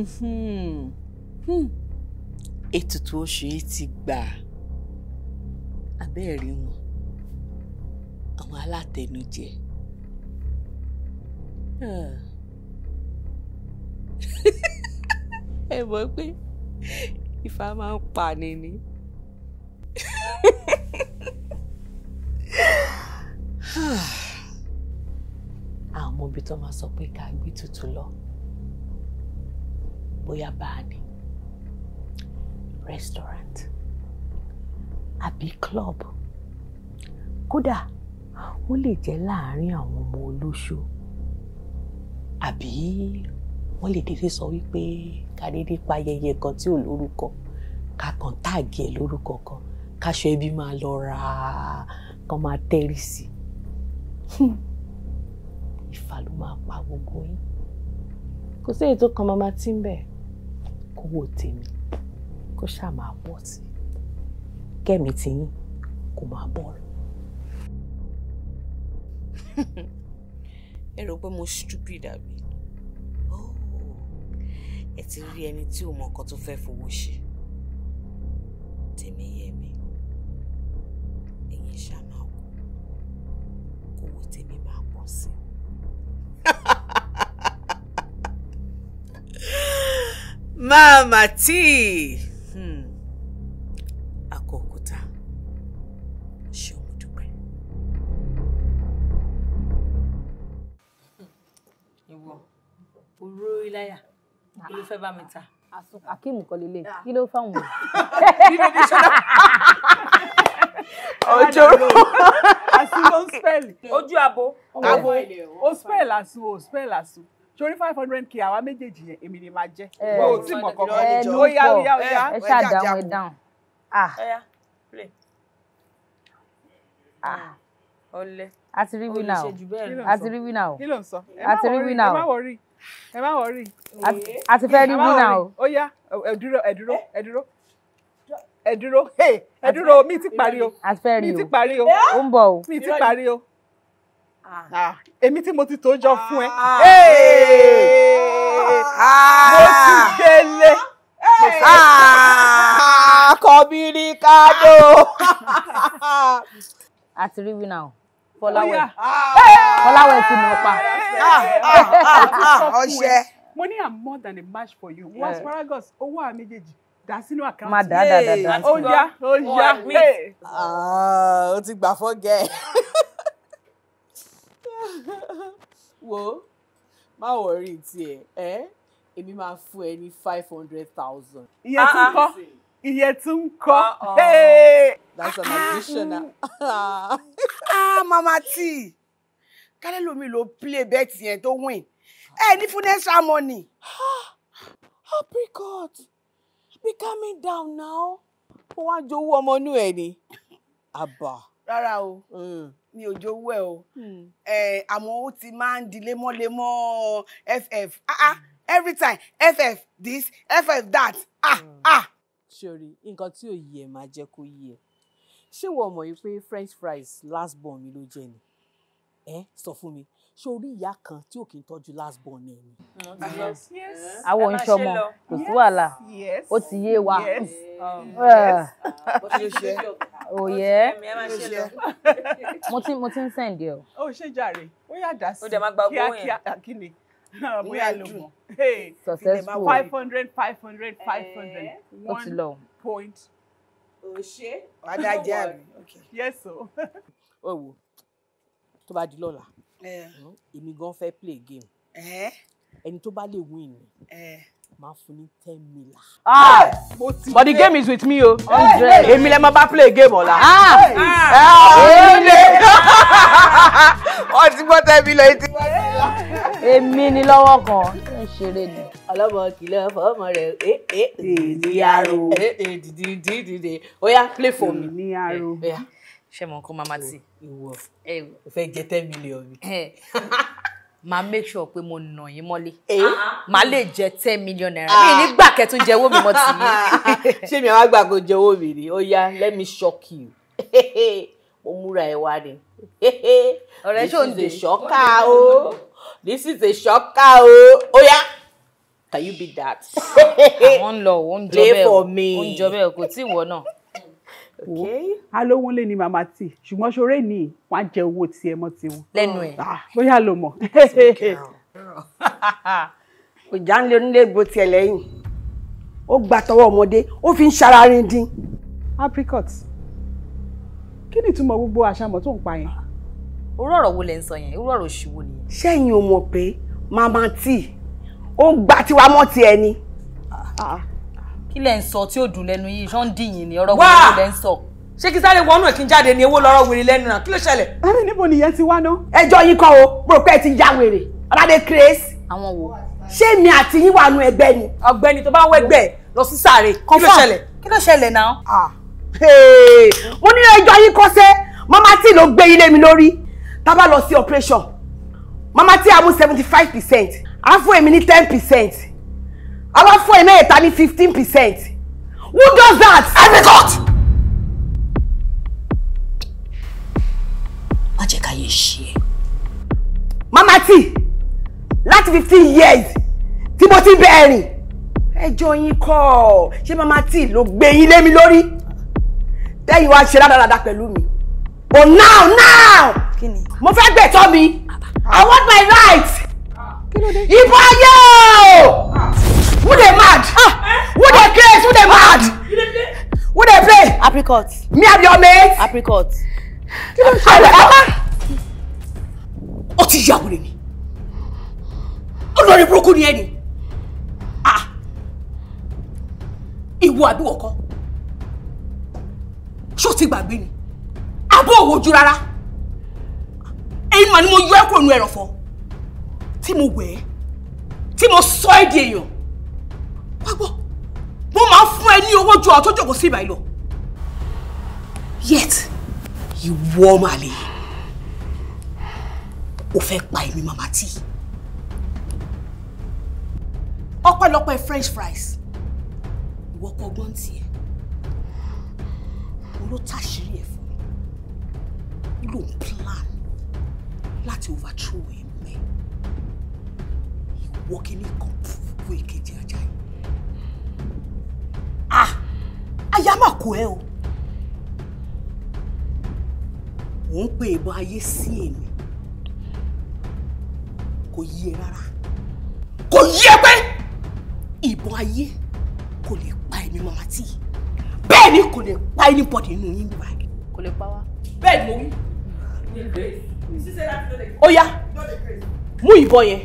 Mm-hmm. Hmm. ètùtù oṣù yìí ti gbà abẹ́ẹ̀rí wọn àwọn alátẹnujẹ ẹ mọ̀ pé Ifá máa ń pani ni. àwọn ọmọ ibi tó máa sọ pé ká gbé tutù lọ bóyá báà ni restaurant àbí club kódà ó lè jẹ́ láàárín àwọn ọmọ olóṣó àbí wọ́n lè dédé sọ wípé ká dédé pa ayẹyẹ kan tí ò lórúkọ ká kàn táàgì ẹ̀ lórúkọ kan káṣọ ẹbí máa lọ ra kán máa tẹ́rì sí hmm. ìfà ló máa pa gbogbo yín kò sí èyí kan mama tí ń bẹ̀ẹ́ kówó tèmi kó ṣáà máa pọ̀ sí kẹ́mi tiyín kó máa bọ̀ lọ. ẹ rò pé mo stupid àbí oh, ẹ ti rí ẹni tí ò mọ nǹkan tó fẹ́ fowó ṣe tèmi yẹ mi ẹ̀yin ṣáà máa kú kówó tèmi máa pọ̀ sí i. Mama T. Hmm. akokuta Ṣé o mo dúpẹ́? Ìwọ, olórí láyà, ah. kí ló fẹ́ bá mi ta? Akeem kọ́ lélẹ̀, ah. kí ló fáwọn mọ̀? Ọjọ́ àsùn ló ń spẹ́ẹ̀lì. Ojú abo. Abo. O spell asu. o spẹ́ẹ̀lì àsùn torí five hundred k àwa méjèèjì yẹn èmi ni máa jẹ. ẹ ò tí mọ kankan ẹ ló pọ ẹ ṣáà dáhùn ẹ dáhùn. Ah. Ah. Ah. ọlẹ a ti rí wínà o a ti rí wínà o a ti rí wínà o ẹ má wọrí ẹ má wọrí a ti fẹ́ rí wínà o. ó yá ẹ dúró ẹ dúró ẹ dúró eh. ẹ dúró ẹ dúró mi ti parí o mi ti parí o ó ń bọ̀ o mi ti parí o. Ah. Ah, èmi tí mo ti tó jọ fún ẹ ah. mo ti gbélé kọbírí kádó. àti rí wí náà fọláwẹ oh, fọláwẹ ti nà pa. ọṣẹ. mo ní i'm more than a match for you wo eh. asparagus owó àwọn méjèèjì dà sínú àkáǹtì. máa dà dà dà dà. ó yá ó yá. o ti gbà fọ́ gẹ̀. wo má wọrí tiẹ̀ ẹ́ èmi máa fún ẹ ní five hundred thousand. iye ah, ah. tún kọ́ iye tún kọ́. that's an additional. Ah, ah mama t kálẹ̀ lomi ló play bet yẹn tó win ẹ ní fún extra money. God, be calming down now. ó wá jowó ọmọ inú ẹ ni. àbá. rárá o. Mm mi ò jowú ẹ o hmm. àmọ́ ó ti máa ń di lemọ́lemọ́ ff ah ah hmm. every time ff this ff that ah hmm. ah. sori nǹkan tí ò yí ẹ máa jẹ kó yí ẹ ṣé wọ́n mọ̀ yìí pé french fries last born mi ló jẹ ni ẹ sọ fún mi ṣé orí ìyá kan tí ò kí ń tọ́jú last born ẹ ni. àwọn ìṣọmọ kò sí wàhálà ó ti yé wa. Ah òye mo ti mo ti ń sẹ́ǹdì ọ. ó ṣe jàre ó yà dá sí kíákíá kíni bóyá ló mọ successful five hundred five hundred five hundred eh, one point. òṣè adájá mi yes o. ó wò tó bá di lọ́la eh. èmi gan fẹ́ play game eh. ẹni tó bá lè win ni máa fún ní ten mila. Ah! but the game is with me o èmi lè máa ba play game Ah, ah. ọ̀la. Ah! wọ́n ti gbọ́ ten mila etí. èmi ni lọ́wọ́ kan ń ṣeré ni. ọlọ́mọ kìlọ̀ fọmọ rẹ̀ ẹ ẹ ní aró ẹ eh, ẹ eh, dìde dìde dìde oya play for me. ní aró ṣe mọ̀ nǹkan mama ti. ìwọ ẹ eh, fẹ́ jẹ ten million mi. máa make sure pé mo nà yín mọ́lé máa lè jẹ ten million naira ah. mi nígbà kẹtún jẹ owó mi mọ́ tì í. ṣé mi àwọn àgbà kò jẹ owó mi ni ó yá let me shock you mo múra ẹ wá ni ọ̀rẹ́ ṣó ń dè ṣọ́ká o this is a shocker o ó yá can you be that. àwọn ń lọ òun jọ bẹ́ẹ̀ òun jọ bẹ́ẹ̀ kò tí ì wọ náà wo alówó lé ní màmá tì ṣùgbọ́n ṣoré ní wọn á jẹ owó tiẹ̀ mọ́ tiwọn. lẹ́nu ẹ̀ ah, bóyá ló mọ̀. kò já ń lé onílé ìbò tiẹ̀ lẹ́yìn ó gbà tọwọ́ ọmọdé ó fi ń ṣara rin dín. apricot kí ni ìtumọ̀ gbogbo àṣàmọ̀ tó ń pa yẹn. orú ọ̀rọ̀ wo lẹ ń sọ yẹn orú ọ̀rọ̀ òṣì wo nìyẹn. ṣẹ́yìn o mọ̀ pé màmá tì ó ń gba tiwa mọ́ tiẹ̀ ni. Ah, ah, kí lẹ ń sọ tí ò dùn lẹ́nu yìí ṣọ́n dìyìn ní ọ̀rọ̀ wẹ́rẹ́ lẹ́ ń sọ. ṣé kí sáré wọnú ẹ̀ kí n jáde ní ewó lọ́rọ̀ wèrè lẹ́nu náà kí ló ṣẹlẹ̀. ẹni níbo nìyẹn ti wá ná. ẹjọ́ yín kọ́ o mo rò pé ẹ ti ya wèrè ọ̀làdé craze. àwọn wo. ṣé mi àti yín wà nù ẹgbẹ́ ni. ọ̀gbẹ́ni tó bá ń wẹgbẹ lọ sí sáré kí ló ṣẹlẹ̀. kí ló ṣẹlẹ̀ náà. mo ní ẹjọ́ yín kọ́ sẹ́ mama tí ló gbé ilé mi lórí tá bá lọ sí operation mama tí a mú seventy five percent á fún èmi ní ten percent a wá fún ẹ̀mẹ́ ẹ̀ta ní fifteen percent who does that. ẹ̀mí court. má jẹ́ ká yẹ mama t Last fifteen years tí mo ti bẹ̀ẹ̀ rìn call. She mama t ló gbé yín lé mi lórí tẹ́yìn wá ṣe rádaràda pẹ̀lú mi but now now mo fẹ́ gbẹ̀tọ́ mi i want my rights. ìbọn ayé o. Who they mad? Ah. Who dey ah! crazy? Who dey ah! mad? Who they play? Apricot. Me have your mate? Apricot. Kí ló ń ṣe ẹ̀rọ? Ah! Ó ti yà wèrè ni. Olórí burúkú ni ẹ ni. Ìwọ àbúrò kan. Ṣó ti gbàgbé ni? Àbó òwò ojú rárá. Ẹyin mà ni mo yọ ẹ́ kúrò nínú ẹ̀rọ̀fọ̀. Tí mo wẹ̀ ẹ́, tí mo sọ ẹ́ di wá gbọ́ mo máa fún ẹ ní owó ju àwọn tó jókòó sí ìbàyìí lọ yet ìwọ ọmọ àlè o fẹ́ pa èmi màmá tí ọpẹ́lọpẹ́ french fries ìwọ kọ ọgbọ́n tiẹ̀ ló tàṣírí ẹ̀ fún mi ló ń plan láti overthrow ẹ̀mẹ́ ìwọ́kíní kan fún ìkejì ajá yìí. aya mà kó ẹ o ò ń pe ìbọn ayé sí èmi kò yí ẹ e rárá kò yí ẹ e pé ìbọn ayé kò lè pa èmi màmá tí bẹ́ẹ̀ kò lè pa anybody nínú yín bíbá yìí. kò lè pa wá. bẹ́ẹ̀ mo wí. ó yá mú ìbọn yẹn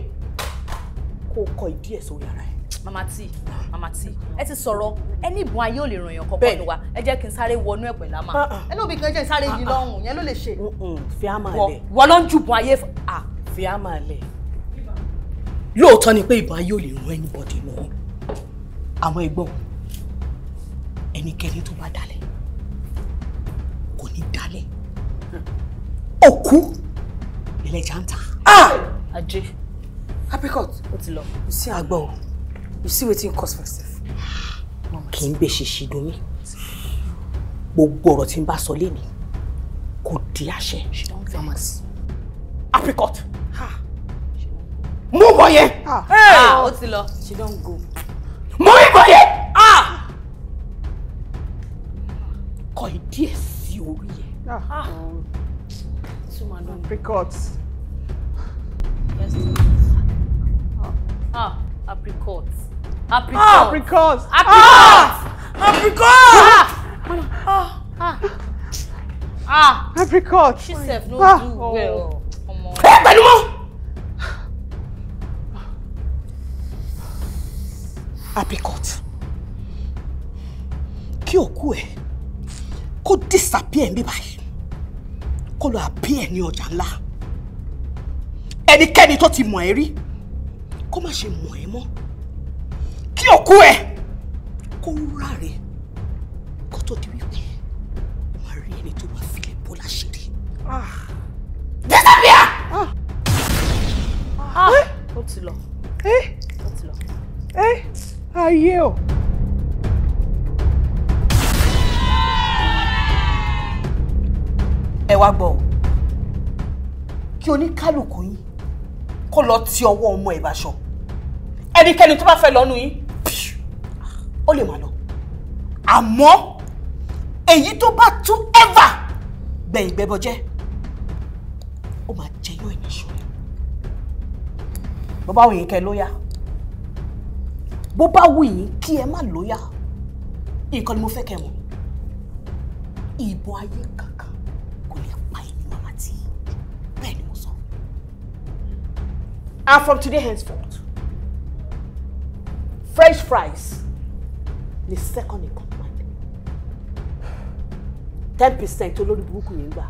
kó o kọ ìdí ẹ̀ sórí ara mama tí mama tí ẹ ti sọ̀rọ̀ ẹni ìbọn ayé ò lè ràn yàn kankan ló wa ẹ jẹ́ kí n sáré wọnú ẹ̀ pẹ̀lú àmà ah, ah. ẹ náà bí kan jẹ́ sáré yìí ah, lọ́hùn yẹn ló lè ṣe. fi àmà lẹ wọ ló ń ju ìbọn ayé à fi àmà lẹ. lóòótọ́ ni pé ìbọn ayé ò lè ràn anybody lọ́wọ́ àmọ́ ẹ̀gbọ́n ẹnikẹ́ni tó bá dalẹ̀ kò ní dalẹ̀ òkú ẹlẹ́jà ń ta. ajé apricot ó ti lọ. sí àgbọ̀ you see wetin you cause for yourself. kì í gbèsè ṣìdùn mi gbogbo ọ̀rọ̀ tí n bá sọ lémi kò di àṣẹ. she don vex us. apricot mú bọ̀ yẹn. ó ti lọ. she don go. mú ìbọn yẹn. kọ ìdí ẹ̀ sí orí ẹ̀. apricot. yes. Ah, apricot. Apricot. Apricot. Apricot. Apricot. Ah. Apricot. Ah! Ah! Ah! She self no ah. do well. Ọmọ. Ẹ eh, pẹ̀lú mọ́. Apricot. Kí òkú ẹ̀ kó disappear mi báyìí kó lọ appear ni ọjà ńlá ẹnikẹ́ni tó ti mọ̀ ẹ́ rí kó má ṣe mọ̀ ẹ́ mọ́ kí òkú ẹ kó rà rẹ kó tó di wípé wà á rí ẹni tó bá filẹ̀ bó láṣìírí. disappear. Ah. Ah. Ah. Eh? ó ti lọ. Eh? ó ti lọ. Eh? ayé o. ẹ wá gbọ́ o kí oníkálukú yín kó lọ ti ọwọ́ ọmọ ẹ̀ bá ṣọ ẹnikẹ́ni tó bá fẹ́ lọ́nu yín ó lè máa lọ àmọ́ èyí tó bá tún ever gbẹ̀yìn gbẹ́bọjẹ́ ó máa jẹyọ ẹ̀ níṣó bó bá wù yín kẹ́ lóyà bó bá wù yín kí ẹ má lóyà nǹkan ni mo fẹ́ kẹ́ mọ̀ ìbọn ayé kankan kò lè pa ẹni màmá tí bẹ́ẹ̀ ni mo sọ. and from today henceforth french fries ni second in command ten percent olórí burúkú yẹn gbà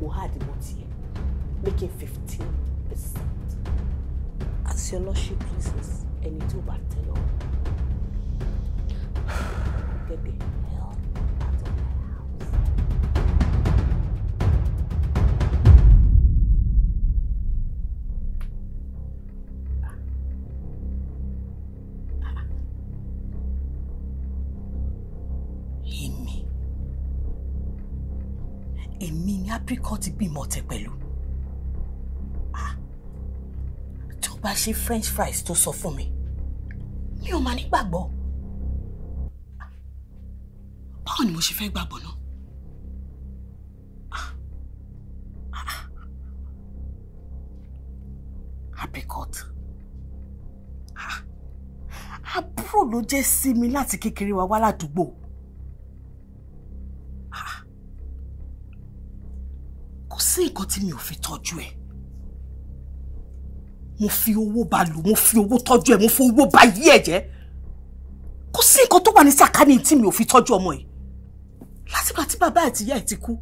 mo há àdìmọ́ tiẹ̀ making fifteen percent as your lordship pleases ẹni tí ó bá tẹ lọ gẹ́gẹ́. apricot gbìmọ̀ ọ̀tẹ̀ pẹ̀lú ah, tó bá ṣe french fries tó sọ fún mi mi ò máa nígbàgbọ́ báwo ni mo ṣe fẹ́ gbàgbọ́ náà. Ah, ah, apricot àbúrò ló jẹ́ sí mi láti kékeré wa wá ládùúgbò. nǹkan tí mi ò fi tọ́jú ẹ̀ mo fi owó bá lò mo fi owó tọ́jú ẹ̀ mo fi owó bá yí ẹ̀ jẹ́ kò sí nǹkan tó wà ní sàkání tí mi ò fi tọ́jú ọmọ yìí látìgbà tí bàbá àti ìyá ẹ̀ ti kú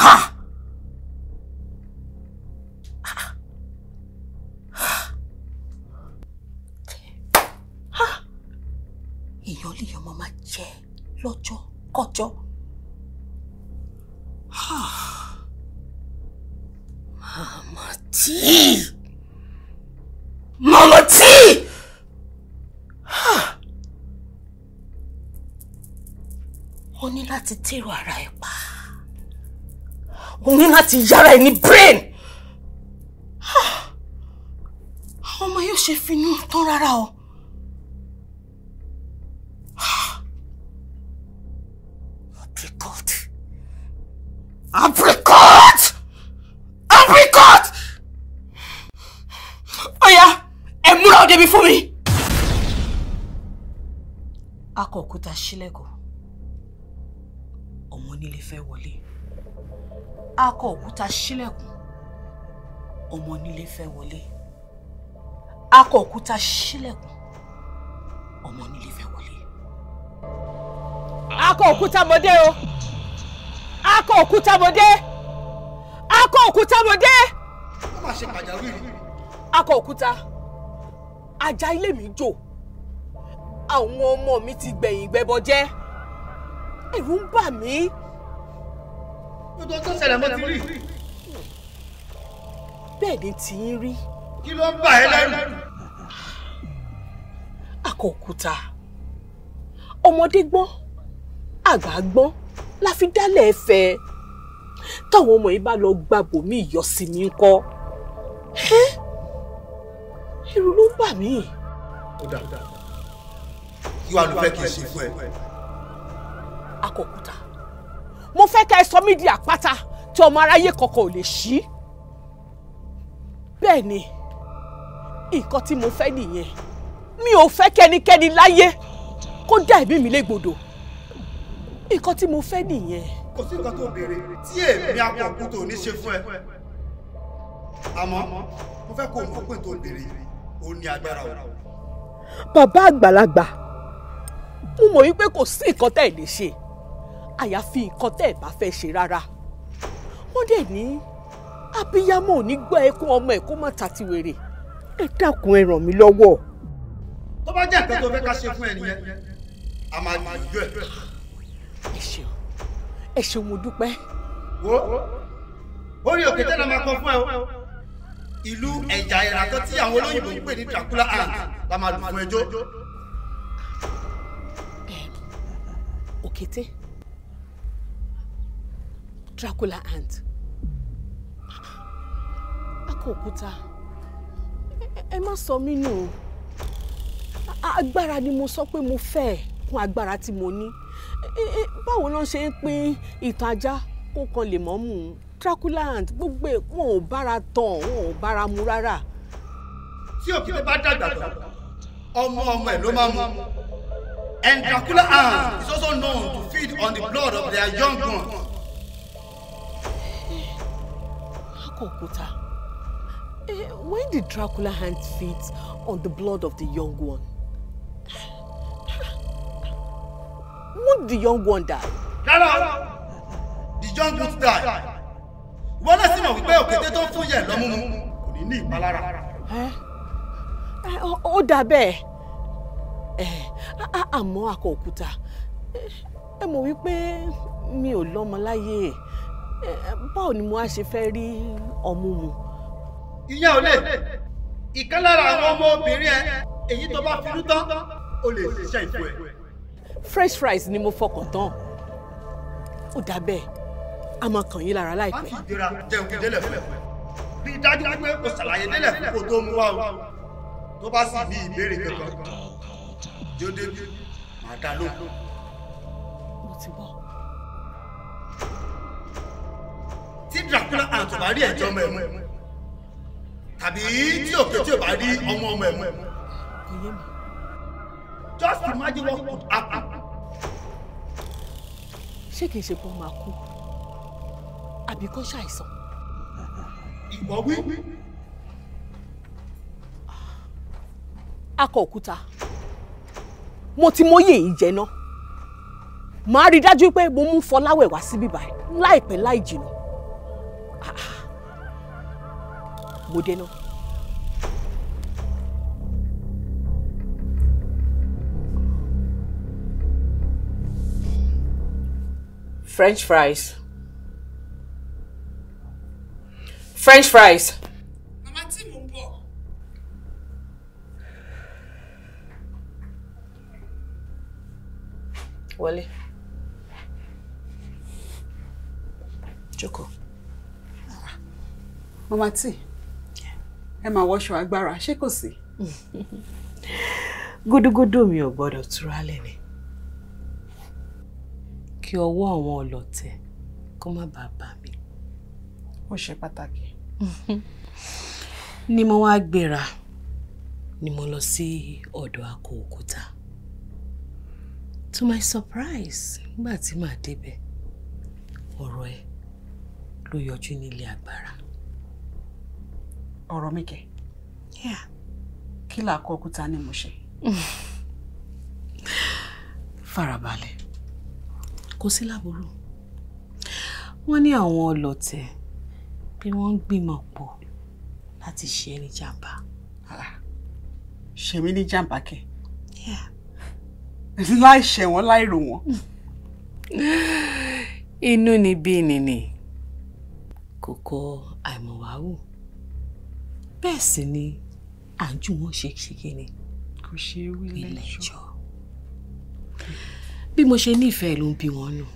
ha èèyàn lè yọ ọmọ máa jẹ lọ́jọ́ kọjọ́. Mọ̀lọ́tì! Mọ̀lọ́tì! O ní láti tèrò ara ẹ̀ pa. O ní láti yára ẹ̀ ní brain. Àwọn ọmọ yóò ṣe finú tán rárá o. ò débi fún mi. akọ òkúta sílẹ̀kọ̀ ọmọ onílé fẹ́ wọlé akọ òkúta sílẹ̀kùn ọmọ onílé fẹ́ wọlé akọ òkúta sílẹ̀kùn ọmọ onílé fẹ́ wọlé. akọ òkúta mo dé o akọ òkúta mo dé akọ òkúta mo dé. ó mà ṣe ajá ilé mi jò àwọn ọmọ mi ti gbẹ̀yìn gbẹbọ jẹ́ ẹ̀rù ń bà mí. gbogbo tó ṣẹlẹ̀ mo ti rí. bẹ́ẹ̀ ni tí ń rí. kí ló ń bà ẹ́ lẹ́rù. àkókúta ọmọdé gbọ́n àgbà gbọ́n la fi dálẹ̀ ẹ̀fẹ̀ táwọn ọmọ yìí bá lọ gbàgbọ́ mi ìyọ̀sìn mi ń kọ́ ẹ̀rù ló ń bà mí. kí wàá ló fẹ́ kí n ṣe fún ẹ. akọkùtà mo fẹ́ ká ẹ sọ mí di àpáta tí ọmọ aráyé kankan ò lè ṣí. bẹ́ẹ̀ ni nǹkan tí mo fẹ́ nìyẹn mi ò fẹ́ kẹ́nikẹ́ni láyé kó dá ẹ̀mí mi légbodò nǹkan tí mo fẹ́ nìyẹn. kò sí nǹkan tó béèrè tí èmi àpọ̀kùtà ò ní ṣe fún ẹ àmọ́ mo fẹ́ kó o mọ̀ pé tó ń béèrè yìí ó ní agbára o. bàbá àgbàlagbà mo mọ̀ wípé kò sí nǹkan tẹ́ ẹ̀ lè ṣe àyàfi nǹkan tẹ́ ẹ̀ bá fẹ́ ṣe rárá wọ́n dẹ̀ ní abiyamọ ò ní gbọ́ ẹkún ọmọ ẹ̀ kó má ta ti wèrè ẹ dákun ẹ ràn mí lọ́wọ́. tó bá jẹ́ nǹkan tó fẹ́ ká ṣe fún ẹ nìyẹn a máa gbìyànjú ẹ. ẹ ṣeun ẹ ṣeun mo dúpẹ́. wo orí òkè tẹ́lẹ̀ máa kọ fún ẹ o ìlú ẹ̀jà ìràtọ́ tí àwọn olóyìnbó ń pè ní Dracula hand la máa lù fún ẹjọ́. òkété Dracula hand akókúta ẹ má sọ mí nù o agbára ni mo sọ pé mo fẹ́ ẹ̀ kún agbára tí mo ní e-, e-, báwo ló ń ṣe ń pín ìtàn kó kan lè mọ́ mú un. Draculand gbogbo èkó ò bára tán wọn ò bára mu rárá. tí òkété bá dàgbà tán ọmọ ọmọ ẹ ló máa mu and Dracula ants is also known to feed on the blood of their young ones. akọ̀kúta eh, when the Dracula ant feeds on the blood of the young one won't the young one die. rárá the young one die wọ́n náà sì mọ̀ wípé òkété tó fún yẹ̀ lọ́múmu kò ní ní ìpalára. ó dà bẹ́ẹ̀ àmọ́ akọ òkúta ẹ mọ̀ wípé mi ò lọ́mọ láyé báwo ni mo á ṣe fẹ́ rí ọmú mu. ìyá ò lè ìkan lára àwọn ọmọ obìnrin ẹ èyí tó bá finú tán o lè ṣiṣẹ́ ìfọ ẹ. fresh fries ni mo fọkàn tán ó dà bẹ́ẹ̀ a máa kàn yín lára láìpẹ́. má fi ìdíra jẹun délẹ̀ fún ẹ rí i dájú pé kò ṣàlàyé délẹ̀ fún kò tó mú wa o tó bá sì ní ìbéèrè kankan jóde máa dá lóhùn. mo ti bọ̀. tí Dracula àtùbá rí ẹ̀jọ́ ọmọ ẹ̀mú tàbí tí òkè tí ò bá rí ọmọ ọmọ ẹ̀mú. kò yé mi. just imagine what could happen. ṣé kìí ṣe pé ó máa kú àbí kó ṣàìsàn. ìwọ wí. akọ òkúta mo ti mọyè yìí jẹná màá rí i dájú pé mo mú Fọláwẹ̀ wá síbí báyìí láìpẹ́ láì jìnnà mo dẹná. French fries. french fries. Mama ti mò ń bọ̀. wọlé jókòó màmá tí ẹ máa wọṣọ agbára ṣé kò sí. gúdúgúdú mi ò gbọ́dọ̀ túra lẹ́ni kí ọwọ́ àwọn ọlọ́tẹ̀ kó má bàa bà mí. ó ṣe pàtàkì. ni mo wá gbéra ni mo lọ sí ọ̀dọ̀ akọ òkúta to my surprise nígbà tí màá débẹ̀ ọ̀rọ̀ ẹ ló yọjú nílé agbára. ọ̀rọ̀ mi kẹ́ kí làákọ òkúta ni mo ṣe. farabalẹ̀ kò sí láburú wọ́n ní àwọn ọlọ́tẹ̀ pé wọ́n ń gbìmọ̀ pọ̀ láti ṣe ẹni jàǹbá. Ah, ṣe mí ní jàǹbá kẹ. láì ṣẹ̀ wọ́n láì rò wọ́n. inú ni bí nìní kò kọ àìmọ̀wáwù bẹ́ẹ̀ sì ni àjù wọn ṣe ṣe kíni. kò ṣe bí mo ṣe nífẹ̀ẹ́ ló ń bí wọn nù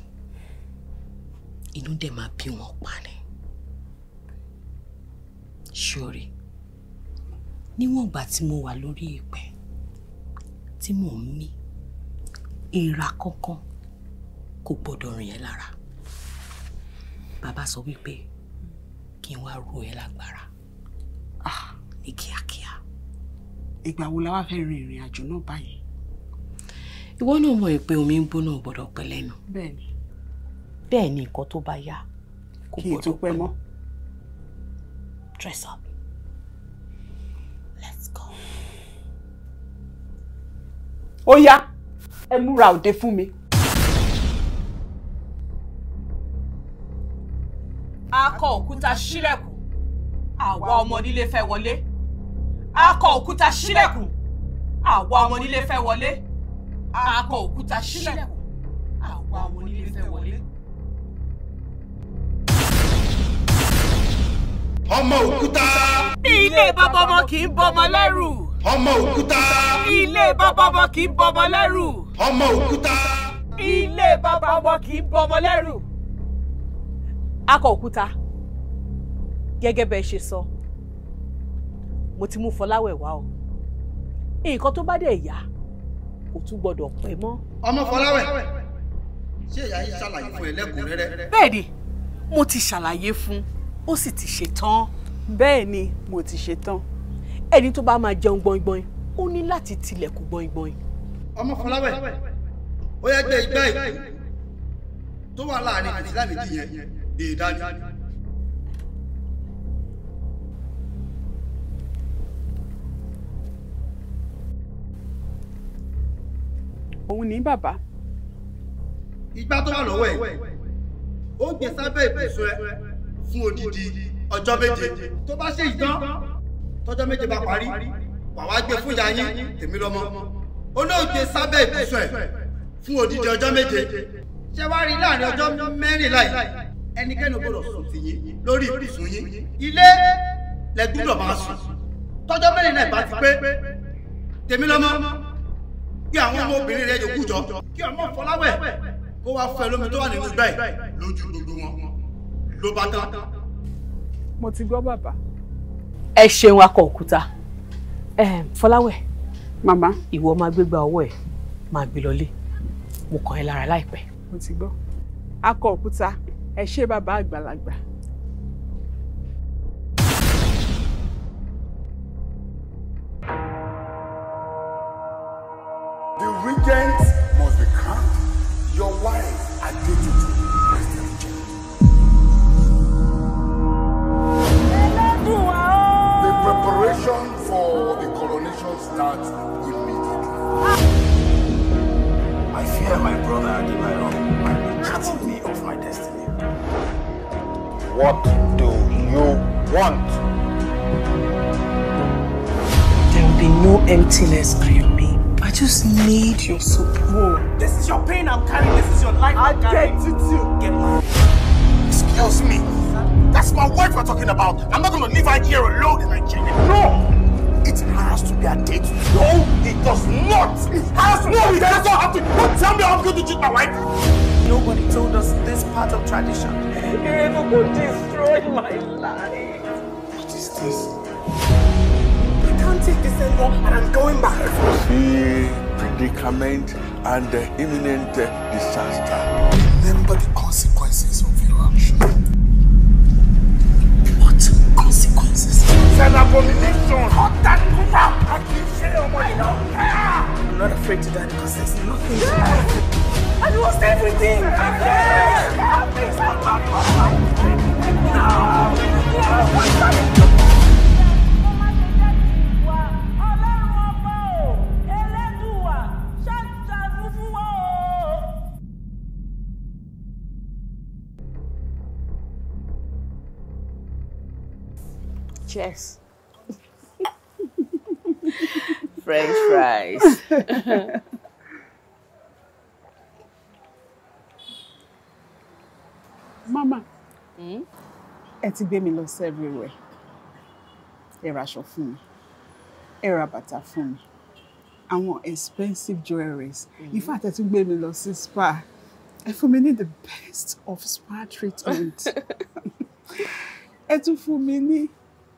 inú dẹ̀ máa bí wọn pa ni ṣòrí níwọ̀n ìgbà tí mo wà lórí ìpẹ́ tí mò ń mí ìra kankan kò gbọdọ̀ rìn ẹ́ lára bàbá sọ wípé kí n wá ro ẹ lágbára ah, ní kíákíá. ìgbà wo la wá fẹ́ rin ìrìn àjò náà báyìí. ìwọ náà mọ̀ pé omi ń gbóná gbọdọ̀ pẹ́ lẹ́nu. bẹ́ẹ̀ni. bẹ́ẹ̀ni nǹkan tó bá yá kò gbọdọ̀ pẹ́ mọ́. Dress up. Let's go. Oh yeah, ẹ múra òde fún mi. Akọ òkúta ṣílẹ̀kùn, àwa ọmọ nílé fẹ́ wọlé. Akọ òkúta ṣílẹ̀kùn, àwa ọmọ nílé fẹ́ wọlé. Akọ òkúta ṣílẹ̀kùn, àwa ọmọ nílé fẹ́ ọmọ òkúta. ilé bàbá ọmọ kì í bọmọ lẹ́rù. ọmọ òkúta. ilé bàbá ọmọ kì í bọmọ lẹ́rù. ọmọ òkúta. ilé bàbá ọmọ kì í bọmọ lẹ́rù. akọ òkúta gẹ́gẹ́ bẹ́ẹ̀ ṣe sọ mo ti mú Fọláwẹ̀ wá o nǹkan tó bá dẹ̀ yá kò tún gbọdọ̀ pẹ́ mọ́. ọmọ Fọláwẹ̀ ṣé ìyá yìí ṣàlàyé fún ẹ lẹ́kùnrẹ́rẹ́. bẹ́ẹ̀ni mo ti ṣàlàyé fún un ó sì ti ṣetán. bẹ́ẹ̀ ni mo ti ṣetán ẹni tó bá máa jẹun gbọ̀ngbọ̀n ó ní láti tilẹ̀kùn gbọ̀ngbọ̀n. ọmọ fọláwẹ ó yẹ gbé igbá ìlú tó wà láàrin fìtílà méjì yẹn dè dání. òun ní bàbá. igbá tó wà lọ́wọ́ ẹ̀ ó gbé sábẹ́ ìbùsùn ẹ fún odidi ọjọ́ méje tó bá ṣe ìtàn tọ́jọ́ méje bá parí wàá gbé fún ìyá yín tèmi lọ́mọ olóògbé sábẹ́ ìbùsùn ẹ̀ fún odidi ọjọ́ méje ṣé wàá rí láàrin ọjọ́ mẹ́rìnlá yìí ẹnikẹ́ni ò gbọ́dọ̀ sùn sí yín lórí ìbùsùn yín ilé lẹ gbúdọ̀ máa sùn tọ́jọ́ mẹ́rìnlá ìbá ti pé tèmi lọ́mọ kí àwọn ọmọ obìnrin rẹ yòókù jọ kí ọmọ Fọláwẹ̀ kó wá fẹ́ lómi tó wà nínú gbẹ́ lójú gbogbo wọn ló bá tán. mo ti gbọ́ bàbá. ẹ ṣeun akọ òkúta fọláwẹ̀ màmá ìwọ máa gbégbá ọwọ́ ẹ máa gbé lọlé mo kàn ẹ́ lára láìpẹ́. mo ti gbọ́ akọ òkúta ẹ ṣe bàbá àgbàlagbà. The weekend emptiness I am being. I just need your support. This is your pain I'm carrying. This is your life I'm carrying. do. Get out. Excuse me. That's my wife we're talking about. I'm not going to leave her here alone in Nigeria. No! It has to be a date. No, it does not. It has to. No, it does not have to. Don't tell me I'm going to cheat my wife. Nobody told us this part of tradition. going to destroy my life. What is this? 20th December and I'm going back. I foresee predicament and the imminent disaster. Remember the consequences of your action. What consequences? It's an abomination. Cut that crap. I keep saying, I don't care. I'm not afraid to die because there's nothing yeah. I lost everything! Help me! Help me! Help me! Help me! Cheers. French fries. Mama, hmm? ẹ ti gbé mi lọ everywhere. Ẹ ra aṣọ fún mi. Ẹ ra bàtà fún mi. Àwọn expensive jewelries. In hmm. fact, ẹ tún gbé mi lọ sí spa. Ẹ fún mi ní the best of spa treatment. Ẹ tún fún mi ní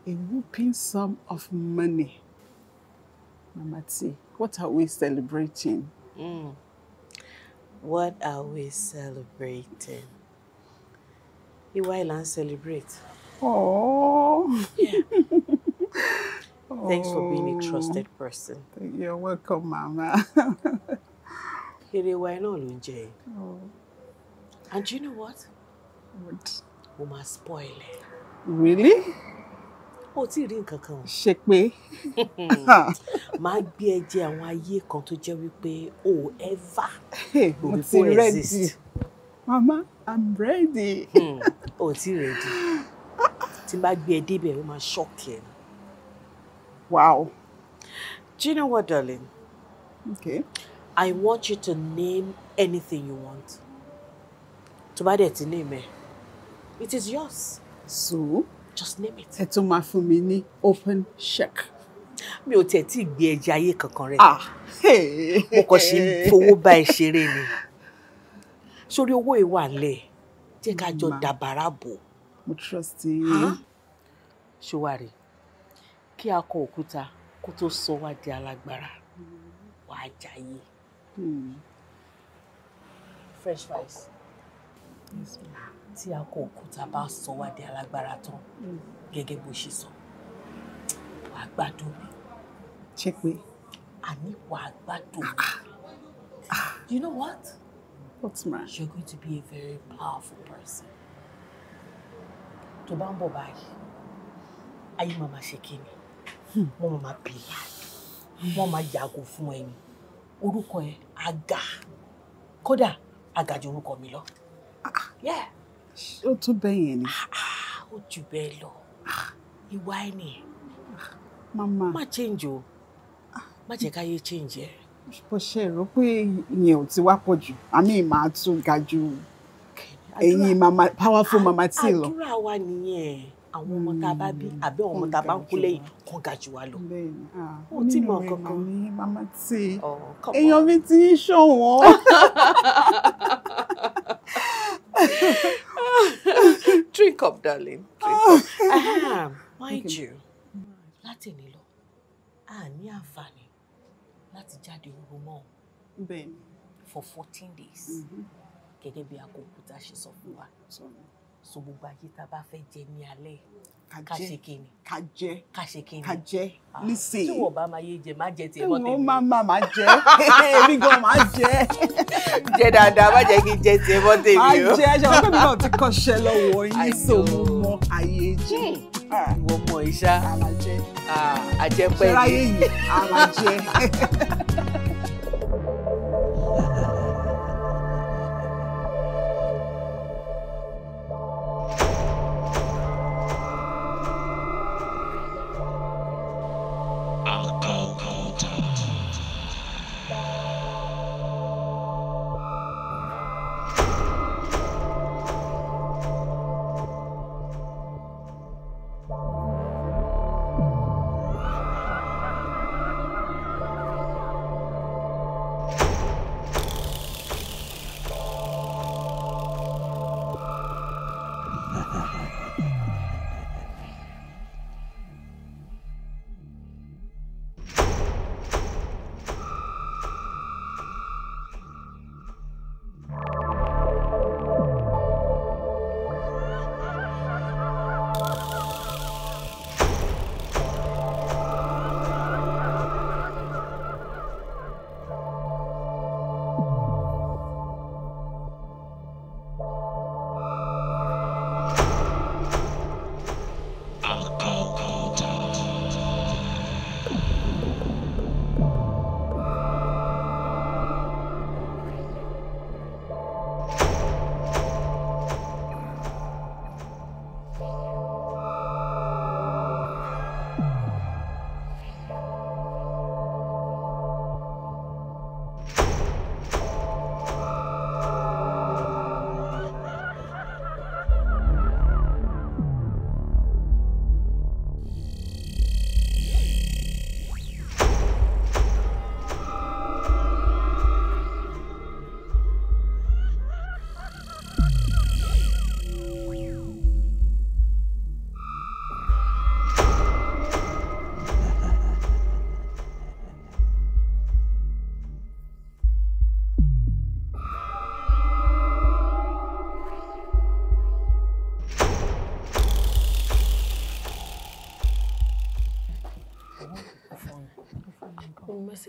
a whooping sum of money. Mama T, what are we celebrating? Mm. What are we celebrating? Iwailan celebrate. Oh. Yeah. oh. Thanks for being a trusted person. You're welcome, Mama. Here why not, Lunje? Oh. And you know what? What? We must spoil it. Really? ó tí ì rí nǹkan kan o. ṣe pé. máa gbé ẹ àwọn ayé kan tó jẹ́ wípé o ò ever go ready, mama i'm ready. Hmm, o tí ready tí n bá gbé ẹ e débẹ̀ ó máa ṣọ́ọ̀kì ẹ. wow. do you know what darling. okay. I want you to name anything you want. tó bá dẹ̀ ti name ẹ it is yours. so just name it. ẹ tún máa fún mi ní open check. mi ò tẹ̀ tí ì gbé ẹja ayé kankan rẹ. Ah. mo kàn ṣe fowó bá ẹ ṣeré ni. sórí owó ìwà lẹ̀ jẹ́ ká jọ dàbàrà bò. mo trust you. ṣùwárí kí a kọ òkúta kó tó sọ wá di alágbára wàá jayé. Hmm. Fresh rice. Yes, tí akọ òkúta bá sọ wá di alágbára tán hmm. gẹ́gẹ́ bó ṣe sọ wàá gbádùn mi. ṣé pé. àní wàá gbádùn mi. you know what. what's ma. you're going to be a very powerful person. tó bá ń bọ̀ báyìí ayé máa ma ṣe kí ni hmm. wọ́n máa ma bì í wọ́n máa yàgò fún ẹni orúkọ ẹ àgà kódà àgàjọ orúkọ mi lọ. Ah, ah. yeah o tún bẹ́yẹn ni. Ah, ó jù bẹ́ẹ̀ lọ ah. ìwà ẹ̀ nìyẹn. Ah, mama má change o má jẹ́ káyé change ẹ̀. bó ṣe rò pé ìyẹn ò ti wá pọ̀ jù àmì màá tún ga ju ẹ̀yin mama powerful mama tí lọ. àdúrà wa nìyẹn àwọn ọmọ tá a bá bí hmm. àbí àwọn ọmọ tá a bá ń kú lẹ́yìn kan ga jù wá lọ. ó ti mọ kankan. mama tí oh, èèyàn mi ti ń ṣọ̀wọ́n. drink up darling drink up ah, mind you láti ní lọ Ah, ní àǹfààní láti jáde òru mọ́ Ben, for fourteen days mm-hmm. gẹ́gẹ́ bí akókúta ṣe sọ fún wa so gbogbo ayé tá a bá fẹ́ jẹ ní alẹ́ ká ṣe kíni ká jẹ ká ṣe kíni ká jẹ ah, nísè tí wọn bá máa yé jẹ má jẹ tiẹ bọ tèmi. wọn máa máa máa jẹ èmi gan máa jẹ. jẹ dáadáa má jẹ kí n jẹ tiẹ bọ tèmi o. má jẹ ẹ ṣe àwọn pẹ̀lú náà ti kọ́ṣẹ́ lọ́wọ́ yín so mo mọ àyè jẹ. Hmm. Ah. ìwọ mọ ìṣá àjẹpẹ́ ni. ṣe ráyè yìí àmàjẹ.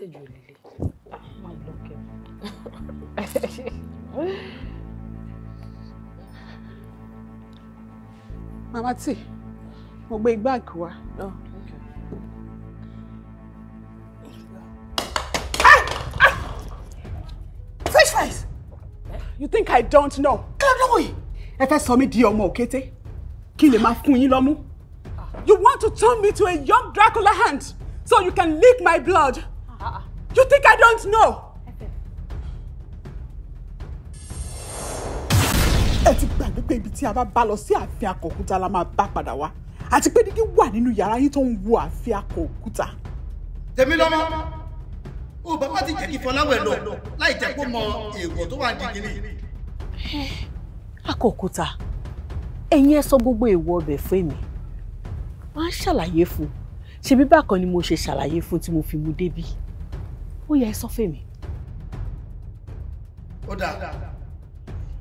message ò lè lè. Má lọ Mama T, mo gbé báàgì wa. Oh, ah! Ah! Fresh fries! You think I don't know? Kí ló dọ́wọ́ yìí? Ẹ fẹ́ sọ mí di ọmọ òkété? Kí lè máa fún yín lọ́mú? You want to turn me to a young Dracula hand so you can lick my blood? don't know. ẹ ti gbàgbé pé ibi tí a bá bá lọ sí ààfin akọ̀òkúta la máa bá padà wá àti pé dígí wà nínú yàrá yín tó ń wo ààfin akọ̀òkúta. tèmi lọ́mọ o bàbá ti jẹ́ kí fọláwẹ̀ lọ láì jẹ́ kó mọ èèwọ̀ tó wà ní kíkiri. akọ̀òkúta ẹ̀yin ẹ sọ gbogbo èèwọ̀ ọbẹ̀ fún mi wọ́n ṣàlàyé fún ṣebí bákan ni mo ṣe ṣàlàyé fún tí mo fi mú débí ó yẹ ẹ sọ fèmí. ó dáa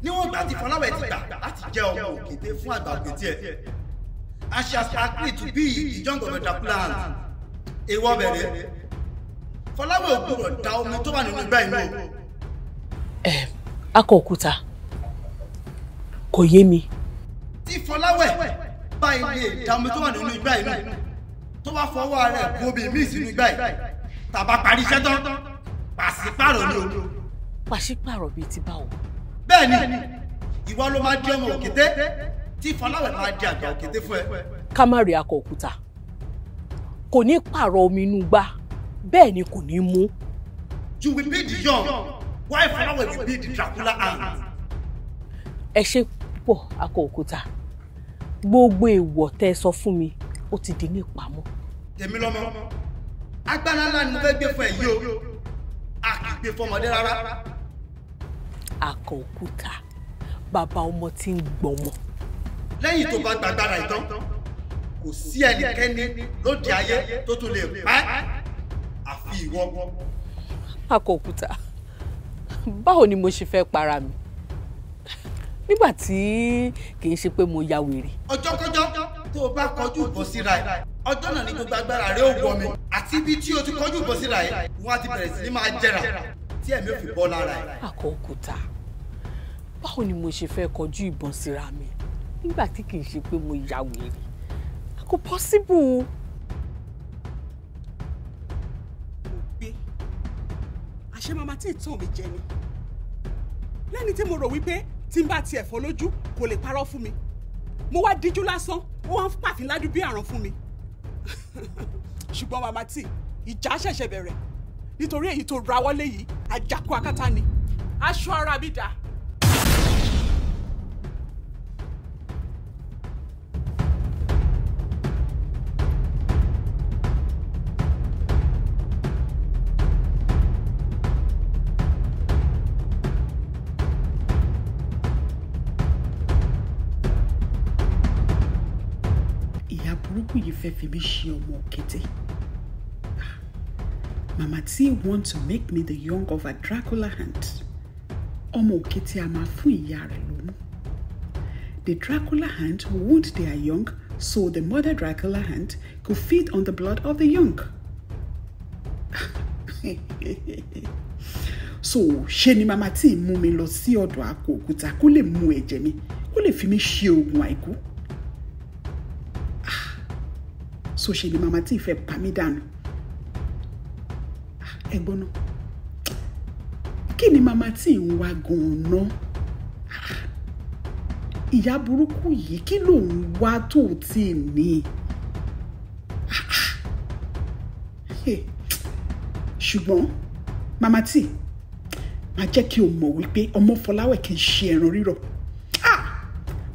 níwọ̀n gbà tí fọláwẹ̀ ti gbà láti jẹ́ ọmọ òkété fún àgbà òkété ẹ̀ a ṣe àpàkì to be the young of the plant èèwọ̀ bẹ̀rẹ̀ fọláwẹ̀ ò gbọdọ̀ da omi tó wà nínú ìgbà yìí o. ẹ akọ òkúta kò yé mi. tí fọláwẹ̀ bá ilé ìdá omi tó wà nínú ìgbà yìí tó bá fọwọ́ rẹ̀ bu omi míì sínú ìgbà yìí tàbá parí iṣẹ́ tán pàṣípàrọ̀ ni o. pàṣípàrọ̀ bíi ti báwo. bẹ́ẹ̀ ni ìwọ ló máa di ọmọ òkété tí Fọláwẹ̀ máa di àgbà òkété fún ẹ. ká má rí akọ òkúta kò ní pààrọ̀ omi inú gbá bẹ́ẹ̀ ni kò ní mú. you will be the young why Fọláwẹ̀ will be the Dracula hand. ẹ ṣe púpọ̀ akọ òkúta gbogbo èèwọ̀ tẹ́ ẹ sọ fún mi ó ti di ní ìpamọ́. èmi lọ́mọ agbára ńlá ni mo fẹ́ gbé fún ẹ yìí o a kì í gbé fọmọdé rárá. akọ òkúta bàbá ọmọ tí ń gbọmọ. lẹ́yìn tó bá gbàgbára ìtàn kò sí ẹnikẹ́ni lóde ayé tó tún lè pa àfi ìwọ. akọ báwo ni mo ṣe fẹ́ para mi nígbà tí kì í ṣe pé mo ya wèrè. ọjọ́kọ́jọ́ tó o bá kọjú ìbọn síra ẹ̀ ọjọ́ náà ni gbogbo agbára rẹ ò wọ̀ mi àti ibi tí o ti kọjú ìbọn síra ẹ̀ wọ́n á ti bẹ̀rẹ̀ sí ní máa jẹrà tí ẹ̀mí ò fi bọ́ lára ẹ̀. àkókòtà báwo ni mo ṣe fẹ́ kọjú ìbọn síra mi nígbà tí kì í ṣe pé mo ya wèrè kò possible. àṣẹ màmá tí ìtàn mi jẹ ni lẹ́ni tí mo rò wípé tí n bá tiẹ̀ fọ́ lójú kò lè parọ́ fún mi mo wá díjú lásán wọ́n pàfin ládùú bí àrùn fún mi ṣùgbọ́n màmá tí ìjà ṣẹ̀ṣẹ̀ bẹ̀rẹ̀ nítorí èyí tó rawọ́lé yìí àjàkú akátá ni aṣọ ara mi dà fẹ́ fi mí ṣe ọmọ kété. Mama T want to make me the young of a Dracula hand. Ọmọ òkété a máa fún ìyá rẹ̀ lóyún. The Dracula hand wound their young so the mother Dracula hand could feed on the blood of the young. so ṣe ni Mama T mú mi lọ sí ọ̀dọ̀ àpò òkúta kó lè mú ẹ̀jẹ̀ mi kó lè fi mí ṣe oògùn àìkú. so ṣe ni màmá tí ìfẹ́ pa mí dànù ah, ẹ gbọ́n náà kí ni màmá tí ń wá gan-an ah, ìyá burúkú yìí kí ló ń wá tó tí ì ní ah, ṣùgbọ́n màmá tí máa jẹ́ kí o mọ̀ wípé ọmọ Fọláwẹ̀ kì í ṣe ẹran rírọ̀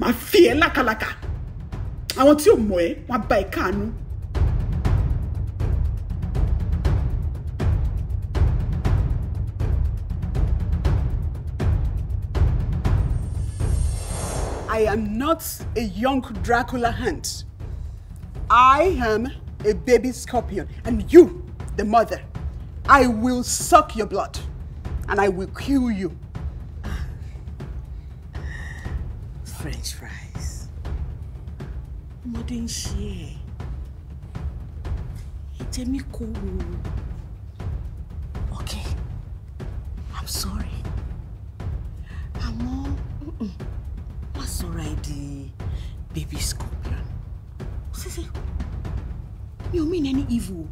máa fi ẹ́ lákàlàkà àwọn tí ò mọ̀ ẹ́ wọ́n á bá ẹ káàánú I am not a young Dracula hunt. I am a baby scorpion and you, the mother, I will suck your blood and I will kill you. French fries. Modern share. It's a Okay. I'm sorry. the baby scorpion. Sisi, you mean any evil?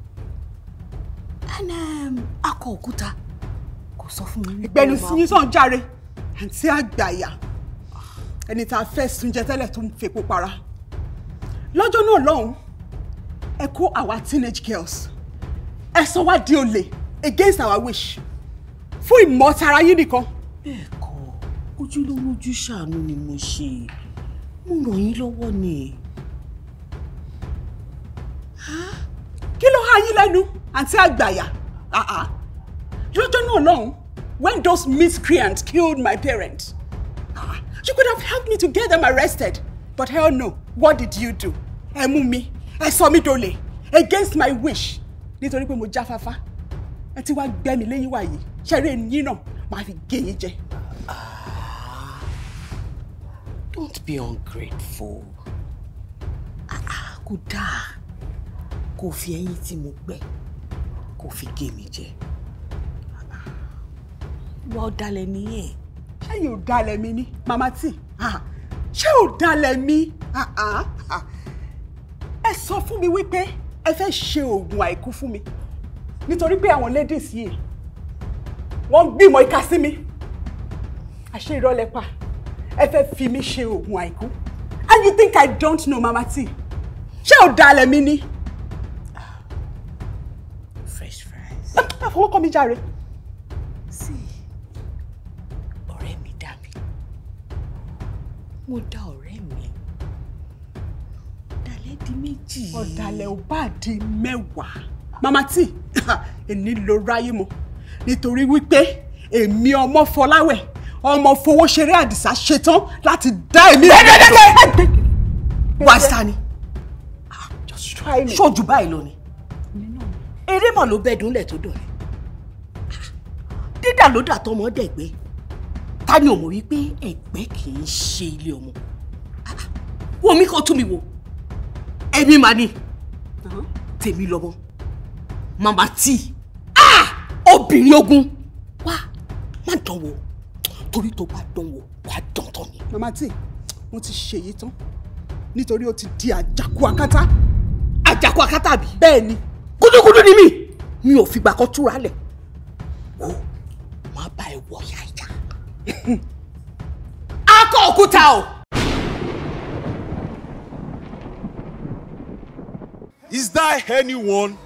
And um, akọ òkúta kò sọ fún mi. Ìgbẹ́ni sinmi sàn járe, àǹtí àgbàyà, ẹni tá a fẹ́ sun jẹ tẹ́lẹ̀ tó ń fepo para. Lọ́jọ́ náà lọ́hùn, ẹ kó àwa teenage girls, ẹ sọ wá di olè against our wish fún ìmọ̀tara yín nìkan. Bẹ́ẹ̀ kọ́, ojúlówó ojú ṣàánú ni mo ṣe mo ràn yín lọ́wọ́ ni kí ló há yín lẹ́nu àti àgbàyà lọ́jọ́ náà lọ́hùn when those miscreants killed my parents ah, you could have helped me to get them arrested but hell no what did you do ẹ mú mi ẹ sọ mi dolè against my wish nítorí pé mo jáfáfá ẹ ti wá gbẹ́mi léyìn wáyé ṣẹ́rí ẹ̀yìn náà màá fi gé yín jẹ. Don't be ungrateful. Ah, ah, kò dáa. Kò fi ẹyin tí mo gbẹ. Kò fi gé mi jẹ. Ìwà ọ̀dàlẹ̀ nìyẹn. Ṣé yóò dalẹ̀ mi ni? Màmá tí, ṣé ò dalẹ̀ mi? Ẹ sọ fún mi wípé ẹ fẹ́ ṣe oògùn àìkú fún mi. Nítorí pé àwọn ladies yìí, wọ́n gbìmọ̀ ìka sí mi. Àṣé irọ́ lẹ pa ẹ fẹ́ fi mí ṣe oògùn àìkú and you think I don't know Mama T ṣé da dalẹ̀ mi ni. fresh fries. àfọwọ́kọ ah, ah, mi jàre. sí ọ̀rẹ́ mi dà mí mo Da ọ̀rẹ́ mi dalẹ̀ di méjì. ọ̀dàlẹ̀ ò bá di mẹ́wàá. Mama T èmi ló ráyé mo nítorí wípé èmi ọmọ Fọláwẹ̀ ọmọ fowó ṣeré àdìsá ṣetán láti dá èmi rẹ̀. wàásà ni ah, ṣojú báyìí lọ ni eré mọ̀ ló bẹ́ dúnlẹ̀ tó dọ̀rẹ́ dídà ló dà tọmọ dẹ̀gbẹ́ ta ni ò mọ̀ wípé ẹ̀gbẹ́ kì í ṣe ilé ọmọ wo mi kò tún mi wo ẹ̀mí màá ni uh-huh. tèmi lọ́mọ màmá tí ah! obìnrin ogun wá má dánwò torí tó bá dánwò wàá dọ̀tọ̀ ni. mama tí mo ti ṣe èyí tán nítorí ó ti di àjàkú akátá. àjàkú akátá bí. bẹ́ẹ̀ ni kúdúkúdú ni mí mi ò fìgbà kan túra lẹ̀ wò má bá ẹ wọ ọ̀yà ìjà. akọ òkúta o. Is there anyone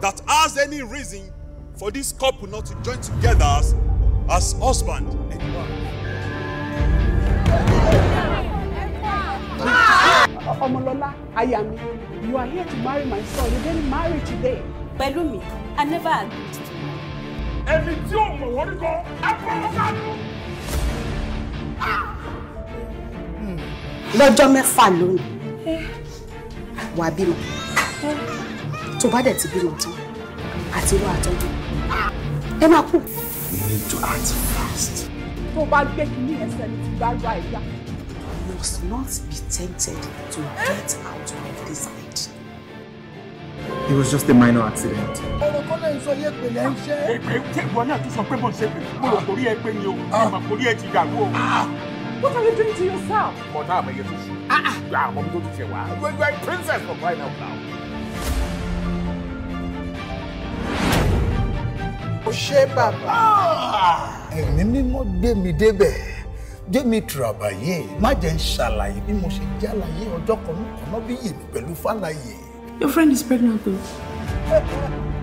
that has any reason for this couple not to join together as husband and wife. Omolola, Ayami, you are here to marry my son. You didn't marry today. Pelumi, I never agreed. Ẹni tí ò mọ̀ wọ́n kọ́, ẹ pọ́n sáré. Lọ́jọ́ mẹ́fà lónìí, wà á bímọ. Tó bá dẹ̀ ti bímọ tán, àti wà á Ẹ máa kú we need to act fast. tó bá gbé kínní yẹn sẹ́ni tí bá gbá you must not be tempted to get out of this bed. It was just a minor accident. Ọ̀rọ̀ kọ́lá ìsọ yẹ pé lẹ́ ń Èpè tí ìwọ náà tún sọ pé mò ṣe pé mo rò torí ẹ pé ni o, ah. mo rò torí ẹ ti dàrú ah. What are you doing to yourself? Mọ̀tá àmọ̀ yẹn tó ṣe. Àwọn ah, ọmọ tó ti ṣe wá. Wẹ́n wẹ́n princess for crying out loud. ó ṣe bàbá. Ah! ẹ̀mí mímọ́ gbé mi débẹ̀ gbé mi tùràbàyè má jẹ́ ń ṣàlàyé bí mo ṣe jàlàyé ọjọ́ kan náà bí yèmí pẹ̀lú fàlàyé. Your friend is pregnant though.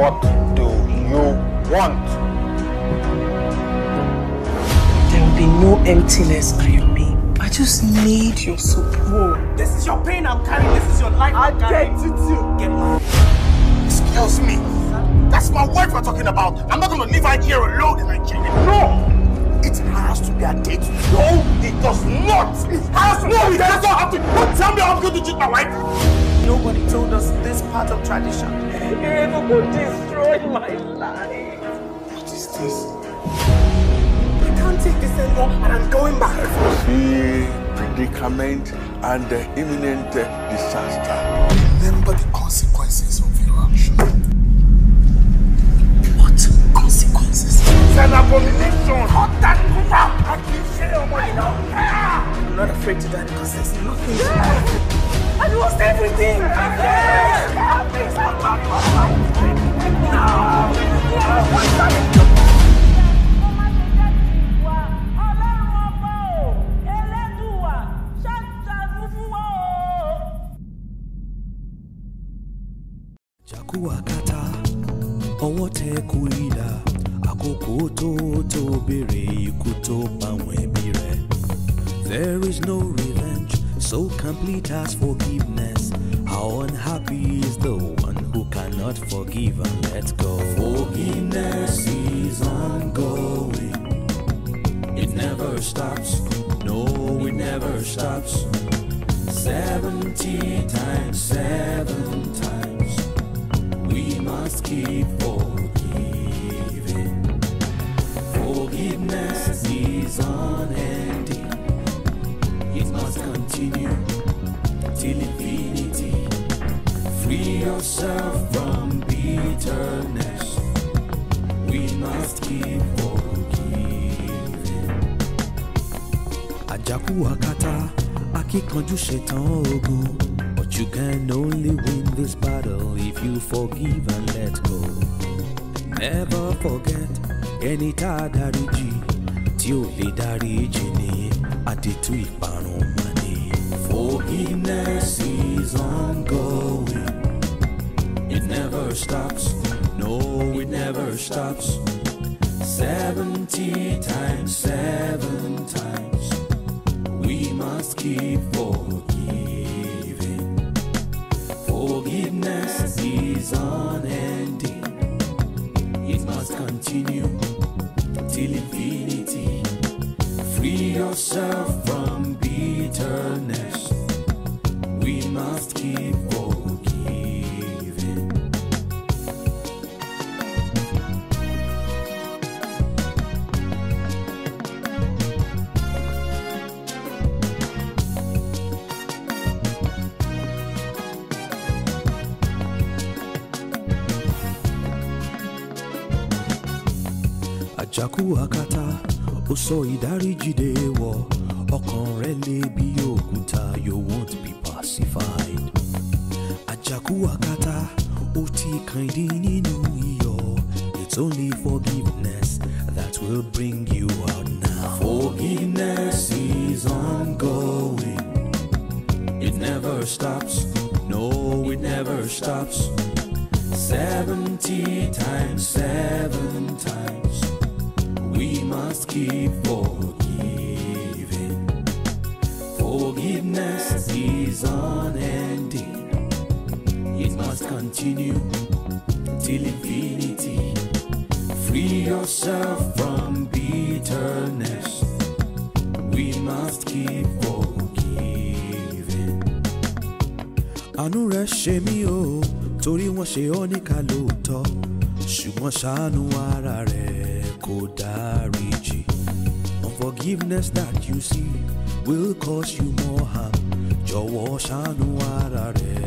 What do you want? There will be no emptiness, bed. I just need your support. This is your pain I'm carrying. This is your life I'm carrying. Identity. Excuse me. That's my wife we're talking about. I'm not going to leave her here alone in Nigeria. No! It has to be a date. No, it does not. It has no, it does not have to. Don't tell me I'm going to cheat my wife. Nobody told us this part of tradition. You're able to destroy my life. What is this? I can't take this anymore and I'm going back. The predicament and the imminent disaster. Remember the consequences of your action. What consequences? It's an abomination. Cut that crap. I keep saying, I oh don't I'm not afraid to die because there's nothing to lost everything. I'm ọwọ́ tẹ Kòrílà àkókò tó tó béèrè ikú tó báwọn ẹbí rẹ̀ there is no reason. so complete as forgiveness. How unhappy is the one who cannot forgive and let go? Forgiveness is ongoing, it never stops. No, it never stops. 70 times, 7 times, we must keep forgiving. Forgiveness is on till infinity. Free yourself from bitterness. We must keep forgiving. Àjàkú akátá, aki ṣetán ogun. But you can only win this battle if you forgive and let go. Never forget any tadariji, a dáríjì tí lè dáríjì ní àdètú ìparun Forgiveness is ongoing. It never stops. No, it never stops. Seventy times, seven times. We must keep forgiving. Forgiveness is unending. It must continue till infinity. Free yourself from bitterness just keep forgiving. àjàkúwakátá ó sọ ìdáríjì wọ ọkàn rẹ lé bí òkúta you won't be pacified. Uti Kaidini It's only forgiveness that will bring you out now. Forgiveness is ongoing, it never stops. No, it never stops. Seventy times, seven times, we must keep forgiving. continue till infinity. Free yourself from bitterness. We must keep forgiving. Àánú o, torí wọ́n ṣe ọ́ níkà lóòótọ́. Unforgiveness that you see will cause you more harm. Jọ̀wọ́ ṣàánú